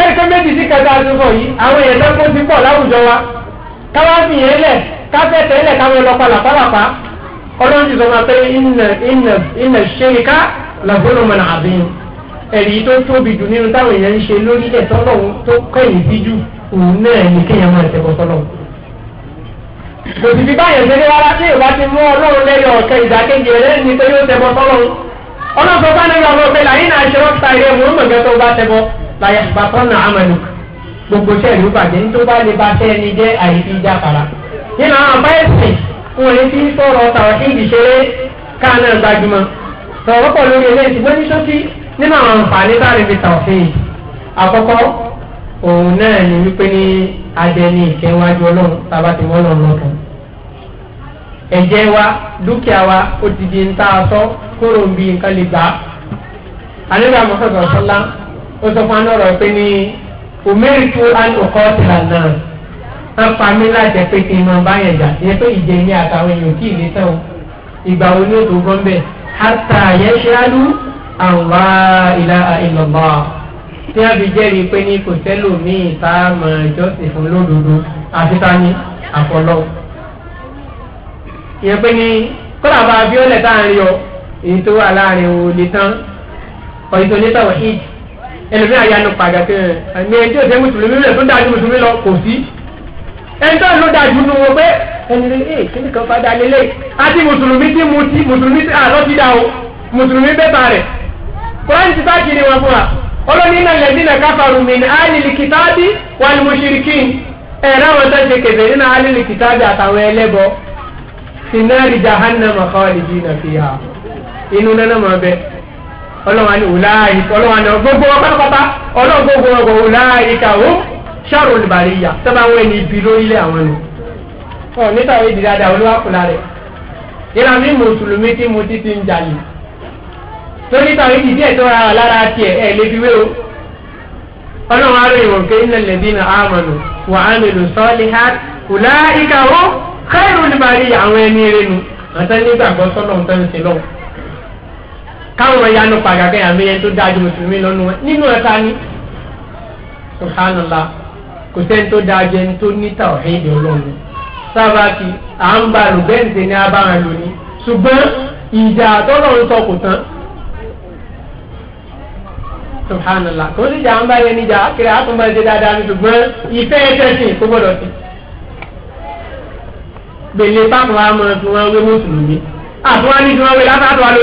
ẹ̀ríkọ́ méjì sí kẹta àtúntò yìí àwọn èèyàn tó kó ti pọ̀ láwùjọ wa káwá fi yẹn lẹ̀ káfẹ́ tẹ́lẹ̀ káwọn lọ pa làpálàpá ọlọ́run ti sọ ma pé ìnà ṣèríkà làbọ́nà mọ̀nà àbíyàn ẹ̀rí tó tóbi jù nínú táwọn èèyàn ń ṣe lórí ẹ̀tọ́ lọ́wọ́ tó kẹ́yìn sí jù òun náà ní kéèyàn máa tẹ̀ bọ́ sọ́lọ́wọ́ kò sì fi báyẹn ṣeré rárá tí ìwà ti mú ọlọ́run lẹ́yìn ọ̀kẹ́ ìdákéjì rẹ̀ nítorí ó tẹ̀ bọ́ sọ́lọ́wọ́ ọlọ́run sọ fún ẹni ọmọ pé làyín náà ṣe wọ́n ta ilé mú mọ̀gẹ́ tó bá tẹ̀ bọ́ láyé bàtọ́nà amadu gbogbo sẹ́ẹ̀lú bàjẹ́ nítorí bá lè ba sẹ́ẹ̀ni jẹ́ àyèfi jáfara nínú àwọn àbá ẹ̀sìn wọn lè fi sọ̀rọ̀ tàwọn kí ìdìṣeré káàná gbajúmọ̀ sọ̀rọ̀ pọ̀ lórí eléyìí ṣùgbọ́n ní sọ́kí nínú àwọn àǹfààní bá àkọ́kọ́ ni wípé ní ọlọ́run ti wọ́n ẹ̀jẹ̀ wa dúkìá wa ó ti di ń sọ kóró ń ó sọ fún anọ́rọ̀ pé ní òmíràn tó àlùkò ọ̀tà náà wọ́n pa mí láti pé kí n máa bá yẹn jà yẹ pé ìjẹ ní àtàwọn èèyàn kì í lè tán o ìgbà wo ni ó tó gbọ́n bẹ́ẹ̀ hàtà yẹn ṣe á lù àwọn ìlà ìlọ̀mọ́ tí wọ́n fi jẹ́rìí pé ní kò sẹ́lò ní ìta mọ̀ ìjọsìn fún lódodo àti tani àfọlọ́ ìyẹn pé ní kọ́lá bá abíọ́lẹ̀ tá à ń rí ọ èyí tó wà láàrin òòlì tán ọ̀yìn tó ní tàwọn ìjì ẹlòmíà yanu padà pé ẹni ẹni tí o ṣe mùsùlùmí rẹ tó dájú mùsùlùmí lọ kò sí ẹni tó ló dájú nu wo pé ẹni rẹ ẹ kí nìkan padà lélẹ̀ àti mùsùlùmí tí mu ti mùsùlùmí tí àlọ́ ti dà o mùsùlùmí bẹ́ẹ̀ bá rẹ̀ kúránì ti bá kiri wọn fún wa olórí iná lẹ́sìn náà káfàrú mi ní alìlì kìtàbí wà ní mùsùlùkì ẹ̀rọ àwọn tó ṣe kẹfẹ́ nínú alìlì kìtàbí àtàwọn ẹlẹ́bọ sinari jahannama kọ́ọ̀lì jìnnà fìhà inú nánà máa bẹ́ẹ̀ ọlọ́wọ́n ni wùláyì ọlọ́wọ́n ni gbogbo wọn pátápátá ọlọ́wọ́n gbogbo wọn kò wùláyì kàwó ṣàrò olùbàdìyà sábà wọn ẹni ibi lórílẹ̀ àwọn ni. ọ nítorí ìdí dáadáa olúwa kùlà rẹ̀ ìlànà mùsùlùmí tí mo ti ti ń jalè torí tàwọn ìdí díẹ̀ tó ra lára tiẹ̀ ẹ̀ lébi wé o ọlọ́run arọ ìwọ̀n pé iná lẹ́bí na àmọ̀nù wà á nílò sọ́ọ́lì káwọn ẹ̀yà nù pàgàkẹ́ yà mí ẹni tó dáa mùsùlùmí lọ́nu nínú ẹ̀ta ni subhanallah kò sẹ́ni tó dáa ju ẹni tó ní tàwọ̀hìn ọlọ́run sábàkì à ń ba rùbẹ́ǹsì ní abáhàn lónìí ṣùgbọ́n ìjà àtọ́lọ́run sọ kò tán subhanallah kò sí ìjà ń bá yẹn níjà kiri àtúnbá ṣe dáadáa ní ṣùgbọ́n ìfẹ́ ẹ̀ṣẹ̀ṣìn kó gbọ́dọ̀ sí. gbèlè báwọn amọ̀ tí wọ́n wé mùsùlùmí wé látàtúwọ́ ló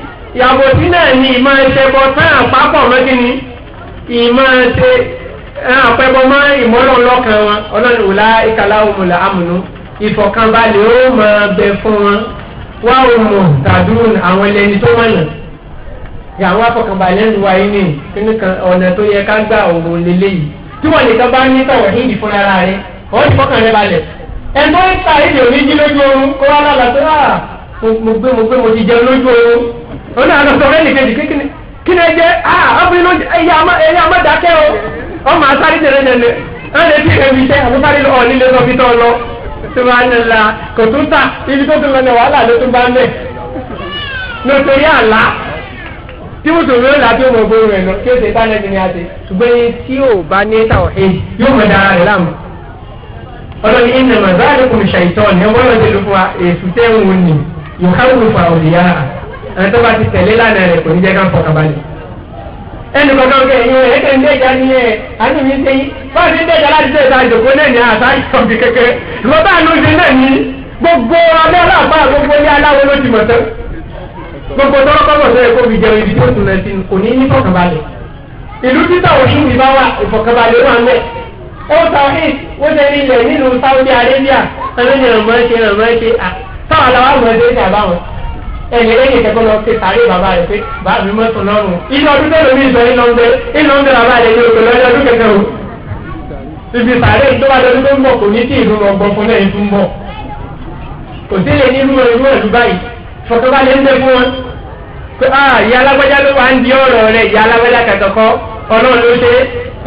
yàbòtí náà ni ìmọ̀ ẹsẹ̀ bọ sáà pápọ̀ mọ́kí ni ìmọ̀ ẹsẹ̀ àpẹbọ mọ́ ìmọ̀lọ́ lọ́kàn wọn ọlọ́run wò láà ìkàlà òmùlà àmùnú ìfọ̀kànbalẹ̀ ó máa bẹ fún wọn wá òmù tàdúrún àwọn ẹlẹ́ni tó mọ̀nà yàwọn afọkànbalẹ̀ ń wáyé ní kíní kan ọ̀nà tó yẹ ká gbà òun lélẹ́yìí tí wọ́n nìkan bá ní tọ̀wọ̀ ní ìdí fúnra rẹ̀ ọ́ ti fọ́kàn rẹ̀ balẹ̀ ẹ̀ńtọ́ ìdè òní jí lójú oorun kó wá lálàá tó rà ah, mo gbé mo gbé mo ti jẹun lójú oorun ọ̀nà àná sọ̀rọ̀ ẹnìkejì kékeré kí ni ẹ jẹ́ ọkùnrin ama ẹ̀yà ama dákẹ́ o ọmọ asáré tẹ̀lé tẹ̀lé ẹ̀rẹ́ ti rẹ̀ mi àbúkárí lọ ọ̀ nílé lọ́bí tó lọ tó bá ń la kò tún ibi tó tún lọ ní wàhálà ló tún bá ń lẹ̀ nítorí tí mo tòun ló là ọmọ ọgbọ́n rẹ̀ lọ kí o ṣe ìtànẹ́tì ni a ṣe ṣùgbọ́n tí ò bá ní yóò dára báyìí kò ni ọmọ ló fún wa fún àwọn ẹni tó bá ti tẹ̀lé lánàá rẹ̀ kò ní jẹ́ ká ń fọkàn balẹ̀. ẹnì kankan kẹ ẹ̀yin rẹ̀ ẹ̀kẹ́ ń dẹ́jà ní ẹ̀ àtúnyí ṣe yí báyìí ń dẹ́jà láti ṣe ìta òkú náà ni kékeré bá àánú ṣe gbogbo abẹ́ gbogbo aláwo ló ti mọ̀ tán gbogbo fi jẹun ibi tó tún lẹ sí kò ní ní ìlú títà wa wà ó ẹni lẹ́yìn ìtẹ́kọ́ lọ sí sàárè bàbá rẹ̀ pé bá mi mọ́tò lọ́rùn ilé ọdún tẹ́lẹ̀ mi ìsọ iná ń bẹ iná ń bẹ bàbá rẹ̀ ní òkè lọ́jọ́ ọdún kẹkẹ o ibi sàárè tó bá lọ́dún tó ń bọ̀ kò ní tí ìlú ọgbọ́n fún lẹ́yìn tó ń bọ̀ kò sí lè ní irú irú ẹ̀dú báyìí fọ̀tọ́ bá lè ń tẹ́ fún wọn pé a ah, ìyá alágbájá ló wà ń di ọ̀rọ̀ rẹ̀ ìyá alágbájá kẹ̀kọ́ ọlọ́run ló ṣe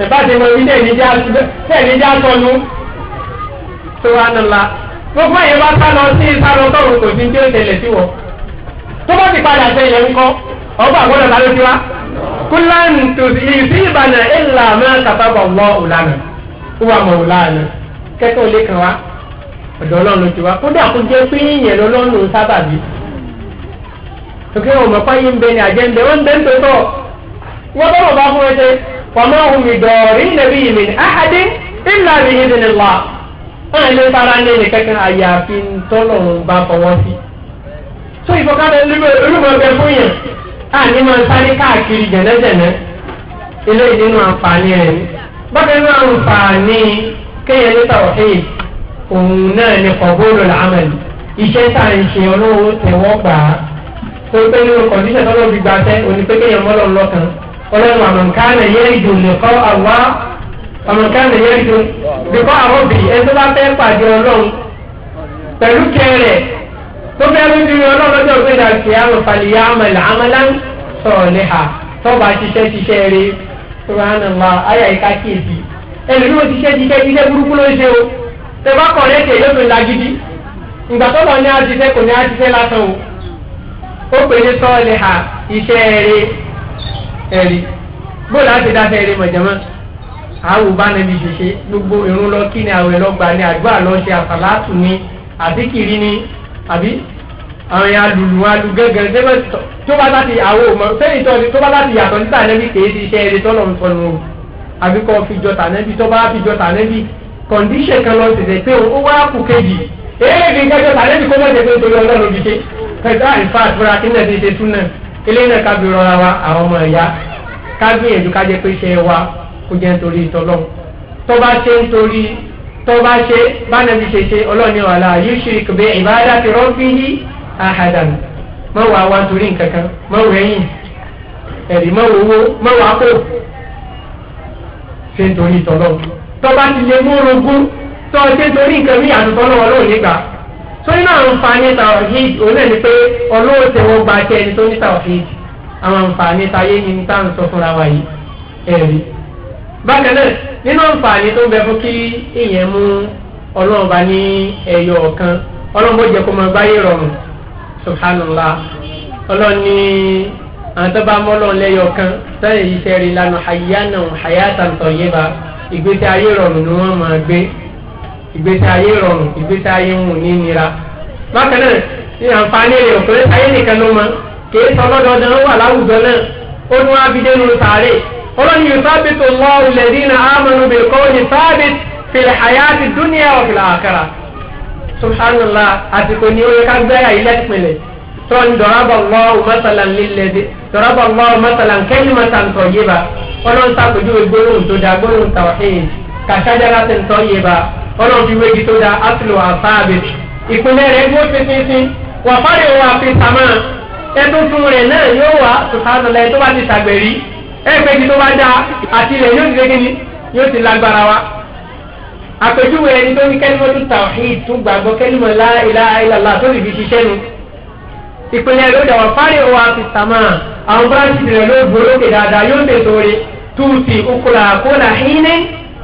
ìbáṣepọ̀ ibi tẹ̀lẹ́jà sọnù tó wà nùlá gbogbo àyè bá sá lọ sí sá lọ tọ̀run kò sí ní tí ó tẹ̀lẹ̀ tó bá ti padà sẹ yẹn ńkọ ọgbà gbọ́dọ̀ ta ló ti wá kúlán tòsí ìsí ìbànà ìlà máa kàtàbọ lọ òlànà wà mọ òlànà kẹtọ lè kàn wá ọ̀dọ̀ Ọlọ́run ló ti wá kódà kó jẹ́ pé yíyan lọ́lọ́run sábàbí tòkè ọmọ páyé ń bẹ ní àjẹ ń bẹ wọn ń bẹ ń tòótọ wọn bá wọn bá fún ẹsẹ fọmọ ohun ìdọ̀rí nàbí yìí mi àhàdé ńlá mi yìí nìlá wọn lè fara ní ẹnì kankan àyàfi ńtọ́lọ́run bá fọwọ́ sí tó ìfọkànlẹ̀ olúmọ̀ọ́gbẹ fún yẹn a ní máa sáré káàkiri jẹ̀nẹ́jẹ̀nẹ́ ilé nínú àǹfààní rẹ̀ ni bákan náà àǹfààní kéèyàn ní tàwọ̀hìn òun náà ní kọ̀bóòlù làámẹ̀lì iṣẹ́ tá à ń ṣe ọlọ́wọ́ tẹ̀wọ́ gbà á tó pé nínú kọ̀díṣẹ̀ tọ́lọ́ fi gbàtẹ́ òní pé kéèyàn mọ́lọ́ lọ́kàn ọlọ́run àmọ̀kánà yẹ́rì dùn lẹ́kọ́ àwa àmọ̀kánà yẹ́rì dùn lẹ́kọ́ àwọ̀bì ẹni tó tó bẹ́ẹ̀ ló di ọlọ́run lọ́jọ́ pé dàgbé àwọn fàlìyà àmàlà àmàlà ń sọ̀rọ̀ níhà tọ́ba ṣiṣẹ́ ṣiṣẹ́ rí sọ̀rọ̀ àyà ìka kíyèsí ẹlòmíì ò ṣiṣẹ́ ṣiṣẹ́ ṣiṣẹ́ burúkú ló ń ṣe o tẹ́fà kọ̀ lẹ́sẹ̀ gbogbo lọ kí ni lọ ṣe àbí àwọn yẹn alùlù alu gángan ṣé wọ́n tó bá láti àwọn òmọ sẹ́yìn tó ni tó bá láti yàtọ̀ ní tànẹ́bí kèé ti iṣẹ́ eré tọ́lọ̀ ń sọnù o àbí kọ́ fi jọ tànẹ́bí tó bá fi jọ tànẹ́bí kọ̀ǹdíṣẹ̀ kan lọ tẹ̀sẹ̀ pé ó wá kù kejì èyí fi kájọ tànẹ́bí kó mọ̀jẹ̀ pé nítorí ọlọ́run fi ṣe pẹ̀lú àìfà àtúrà kí náà ti ṣe tún náà eléyìí náà kábí rọra wa àwọn ọmọ ẹ̀yà kábíyèjú kájẹ pé iṣẹ́ wa kó jẹ́ nítorí ìtọ́lọ́run tó bá ṣe nítorí tó bá ṣe bánàbí ṣe ṣe ọlọ́ọ̀ni wàhálà yóò ṣe ìkùbẹ́ ìbáradà ti rọ́bí yí àhàdàn mọ́wàá wa torí nǹkan kan mọ́wàá ẹ̀yìn ẹ̀rí mọ́wàá owó mọ́wàá kò ṣe torí tọ́lọ́ tó bá ti lè mú orogún tó ṣe torí nǹkan bí àtúntò lọ́wọ́ lóò nígbà tó nínú àwọn àǹfààní tàwọ̀hìd òun náà ni pé ọlọ́wọ́ tẹ wọ́n gba tẹ tó ní tàwọ̀hìd àwọn àǹfààní tayé ni tá à ń sọ fúnra wa yìí ẹ̀rí bákan náà nínú àǹfààní tó ń bẹ fún kí ìyẹn mú ọlọ́run bá ní ẹyọ ọ̀kan ọlọ́run bó jẹ kó máa báyé rọrùn subhanallah ọlọ́run ní àwọn tó bá mọ́lọ́run lẹ́yọ kan sẹ́yìn iṣẹ́ rí lánàá hayana hayata tọ̀yẹ́ba ìgbésí ayé rọrùn ni wọ́n máa gbé ìgbésí ayé rọrùn ìgbésí ayé ń wù ní nira bákan náà ní àǹfààní rẹ̀ òkèrè ayé nìkan ló mọ kì í sọ lọ́dọọdún wà láwùjọ náà ó ní wọn á ọlọ́ni yóò sábẹ́tò lọ́wọ́ lẹ́dínà ámànú bẹ̀rẹ̀ kọ́ ní sábẹ́t fèrè àyàtì dúníà wà fìlà àkàrà subhanallah àsìkò ni ó yẹ ká gbé àyè lẹ́pìnlẹ̀ tọ́ni dọ̀rọ̀bà lọ́wọ́ mọ́sálà lílẹ̀dẹ̀ dọ̀rọ̀bà lọ́wọ́ mọ́sálà kẹ́lí mọ́sálà tọ̀ yé ba ọlọ́run sàpèjúwe gbólóhùn tó da gbólóhùn tàwáhìn kàṣájára tẹ̀ tọ́ yé ba ọlọ́run fi wéjì tó da asìlò àfáàbẹ̀ ìpínlẹ̀ rẹ̀ gbó fífífín wà fáre wà ẹgbẹ́ ibi tó bá dáa àti ilẹ̀ yóò ti dé kíni yóò ti lágbára wa. àpèjúwe ẹni tó ní kẹ́límọ́ tó tawhid tó gbàgbọ́ kẹ́límọ́ la ilaha tó lè fi ṣiṣẹ́ nu. ìpínlẹ̀ ló dà wọ́n fárí owó àti sàmà àwọn bíráǹtì rẹ̀ ló gbó lókè dáadáa yóò lè sóore tuuti ukula kóla híní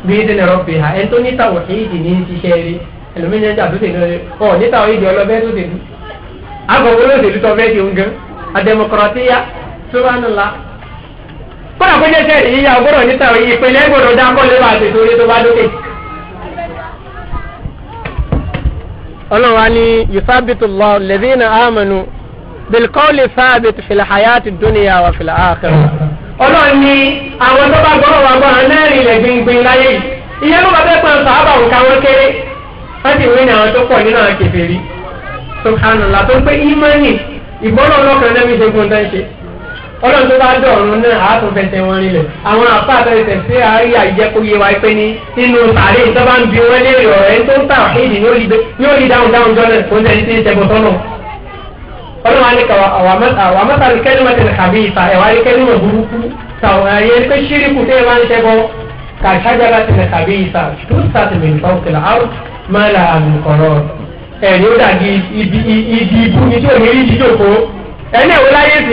bíi dín ẹ̀rọ fi hà ẹni tó ní tawhid ní ṣiṣẹ́ rí ẹlòmíràn jà tó ṣe lóore ọ ní tawhid ọlọ́bẹ̀ tó ṣe lù. àgọ̀wọ́ ló ṣèlú tó fẹ́ ṣe ń gan adẹmọkọrọtíyà sọ́wọ́n kọ́nà kó jẹ́ sẹ́ẹ̀dì yíyá ọgbọ́dọ̀ níta ìpínlẹ̀ gbọ́dọ̀ dáńkọ́ lé wàá tètè orí tó bá dókè. ọlọ́run wa ni yusabitu lọ lẹ́dínà àmàlù bilkọ́ọ̀lì sábẹ̀tì filahayati dúnìyà wà filahaakẹ́. ọlọ́run ni àwọn tó bá gbọ́dọ̀ wà gbọ́dọ̀ mẹ́rin ilẹ̀ gbìngbìn láyé yìí ìyẹn ló wà bẹ́ẹ̀ pọ̀ sàábà òkà wọn kéré wọ́n ti wí ní àwọn tó pọ̀ nínú àwọn kẹfẹ́ rí subhanallah tó ń pẹ́ ìmọ̀ ní ìgbọ́dọ̀ ọlọ́kan náà fi ṣe gbọ́dọ̀ ṣe ọlọ́run tó bá dọ̀rùn náà á tún fẹsẹ̀ wọn nílẹ̀ àwọn àfa àtẹ̀sẹ̀ sí àárí àìjẹkóye wa pé ní nínú sàárè tó bá ń bi wọn léèrè ọ̀rẹ́ tó ń tà ìdí yóò rí dáhùn dáhùn jọ́nà tó ń tẹ̀lé sí ìṣẹ́gun tọ́nà. ọlọ́run á ní ká àwọn mọ́tàlì kẹ́límọ̀ tẹ̀lé kàbí ìfà ẹ̀wà rí kẹ́límọ̀ burúkú tàwọn ẹ̀yẹ pé ṣíríkù tẹ́ ẹ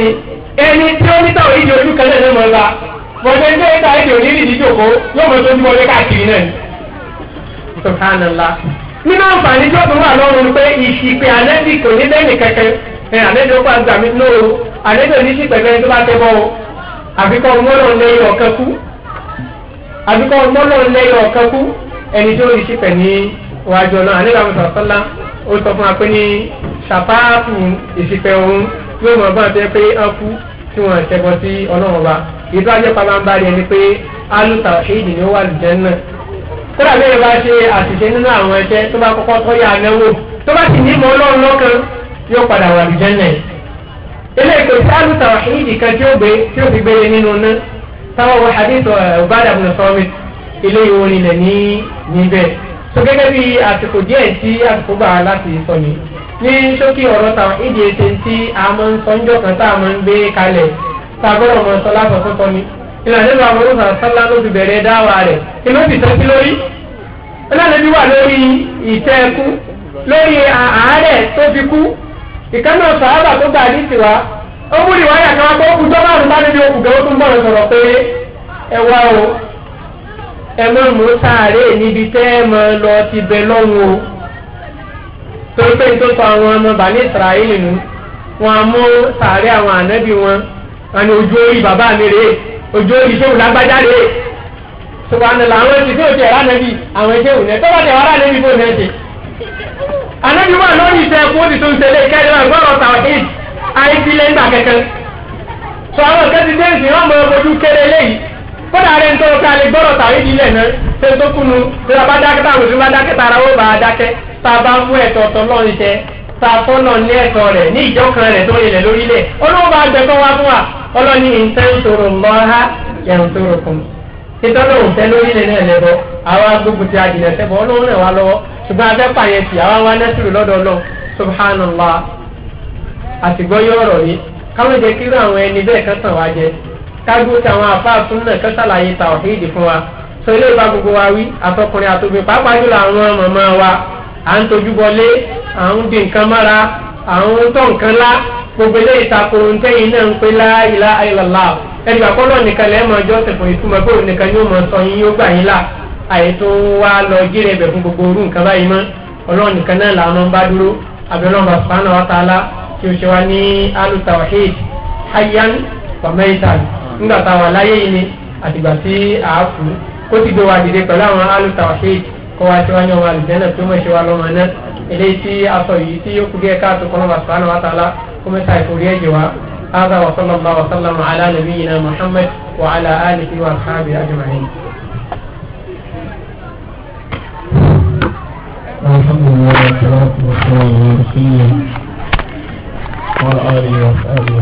ẹni tí ó ní táwọn ìdí ojú kan náà mọ̀ ńlá mọ̀tẹ́ ní ẹ̀ta ìdí òní ìdí ìjòkó yóò mọ̀ tó ń wọlé káàkiri náà. subhanallah nínú àǹfààní tí ó tún wà lọ́rùn pé ìṣìpẹ̀ àlẹ́bí kò ní lẹ́yìn kẹ̀kẹ́ ẹ̀ àlẹ́bí ó pàṣẹ àmì lóru àlẹ́bí ò ní ṣìpẹ̀ fẹ́ni tó bá tẹ́ bọ́ àfikọ́ mọ́lọ́ lẹ́yìn ọ̀kan kú àfikọ́ mọ́lọ́ lẹ́yìn ọ̀kan kú ẹni tó rí ṣìpẹ̀ ní wájú ọ̀nà àlẹ́bí àmì sọ̀tọ́lá ó sọ fún wa pé ní ṣàpáàpù ìṣìpẹ̀ òun yóò mọ̀ bá tẹ́ pé á kú tí wọ́n ṣẹbọ sí ọlọ́run ọba ìtọ́ ajẹ́ pàmàmbá rẹ̀ ni pé alùpà ṣéèdì ni ó wà lùjẹ́ náà kódà bẹ́ẹ̀ bá ṣe àṣìṣe nínú àwọn ẹ̀ṣẹ̀ tó bá kọ́kọ́ tọ́ yà náwó tó bá sì ní ìmọ̀ ọlọ́run lọ́kàn yóò padà wà lùjẹ́ náà eléyìí kò sí alùpà ṣéèdì kan tí ó gbé tí ó fi gbére nínú náà táwọn wọ hadith ọ̀bádà bùnà sọ́mìt ilé ìwòrin lẹ̀ ní níbẹ̀ so gẹ́gẹ́ bí àsìkò díẹ̀ tí àsìkò gbà láti sọ nìyí. ní sókè ọ̀rọ̀ tàn ìdí ètè tí a máa ń sọ ńjọ́ kan tá a ń gbé kalẹ̀ tá a sọ lásán tó tọ́ni ìlànà ìlú àwọn olùsàn ló fi bẹ̀rẹ̀ dáwà rẹ̀ inú ti tẹ́sí lórí ọlọ́ọ̀lẹ́bí wà lórí ìtẹ́ ẹkú lórí àárẹ̀ tó fi kú ìkànnì ọ̀sán àbà tó gbà ní tiwa ó múlì wáyà kan kú tó bá níbi sọ̀rọ̀ pé ẹ wá o ẹ mọ̀ mọ́ o. torí pé nítorí tó àwọn ọmọ bàní Israẹli nù wọn a mú sàárẹ̀ àwọn ànábì wọn àni ojú orí bàbá mi rèé ojú orí ṣéwù lágbájá rèé sọgbàna làwọn tí o àwọn tẹ fún wà lórí ìṣe ti tún ṣẹlẹ̀ kẹ́rin náà gbọ́dọ̀ tàwọ̀kìd àìsí lẹ́gbà kẹ̀kẹ́. Sọ àwọn kẹ́sì dé ìsìn wọn ojú kéré Kódà tá a bá mú ẹ̀tọ́ tọ́lọ́ ń ṣe tá a fọ́nà ní ẹ̀tọ́ rẹ̀ ní ìjọkan rẹ̀ tó rinlẹ̀ lórílẹ̀ olówó bá gbẹ wá fún wa ọlọ́ni ìtẹ́ntòrò ń yẹ̀ntòrò fún títọ́lọ́ òǹtẹ́ lórílẹ̀ náà lẹ́bọ̀ àwa gbogbo ti àjìnà sẹ́bọ̀ ọlọ́run rẹ̀ wá lọ́wọ́ ṣùgbọ́n afẹ́pà yẹn ti àwa wá nẹ́sùrù yóò káwọn àwọn ẹni kan tàn wá wí àtọkùnrin àtòbí pàápàá jùlọ à ń tojú bọlé à ń di nǹkan mára à ń tọ̀ nǹkan lá gbogbo ilé ìtako ntẹ́yìn náà ń pé láìlá àìlọ́lá ẹni bàbá ọlọ́run nìkan lẹ́ẹ̀ máa jọ́ ìtumọ̀ pé nìkan yóò máa sọ yín yóò gbà yín là àyètò wa lọ jíire ẹ̀bẹ̀ fún gbogbo orú nǹkan báyìí mọ́ ọlọ́run nìkan náà làwọn ń bá dúró abẹ́rẹ́ ọ̀bà sùpánà wa tààlà tí o ṣe wa ní alutawahid hayyan pamẹ́ntàn nígbà táwa láyé yìí ni àtìgbà tí àá fún kó ti gbé wa dìde pẹ̀lú àwọn alutawahid kó wá síwájú ọmọ àlùjẹ́nà tó mọ̀ ṣe wá lọ́mọ náà eléyìí tí a sọ yìí tí yókù díẹ̀ káàtó kọ́nọ́bà sàánù wàtàlá kó mẹ́ta ìforí ẹ̀jẹ̀ wa هذا وصلى الله وسلم على نبينا محمد وعلى آله وأصحابه أجمعين الحمد لله والصلاة والسلام على رسول الله وعلى آله وأصحابه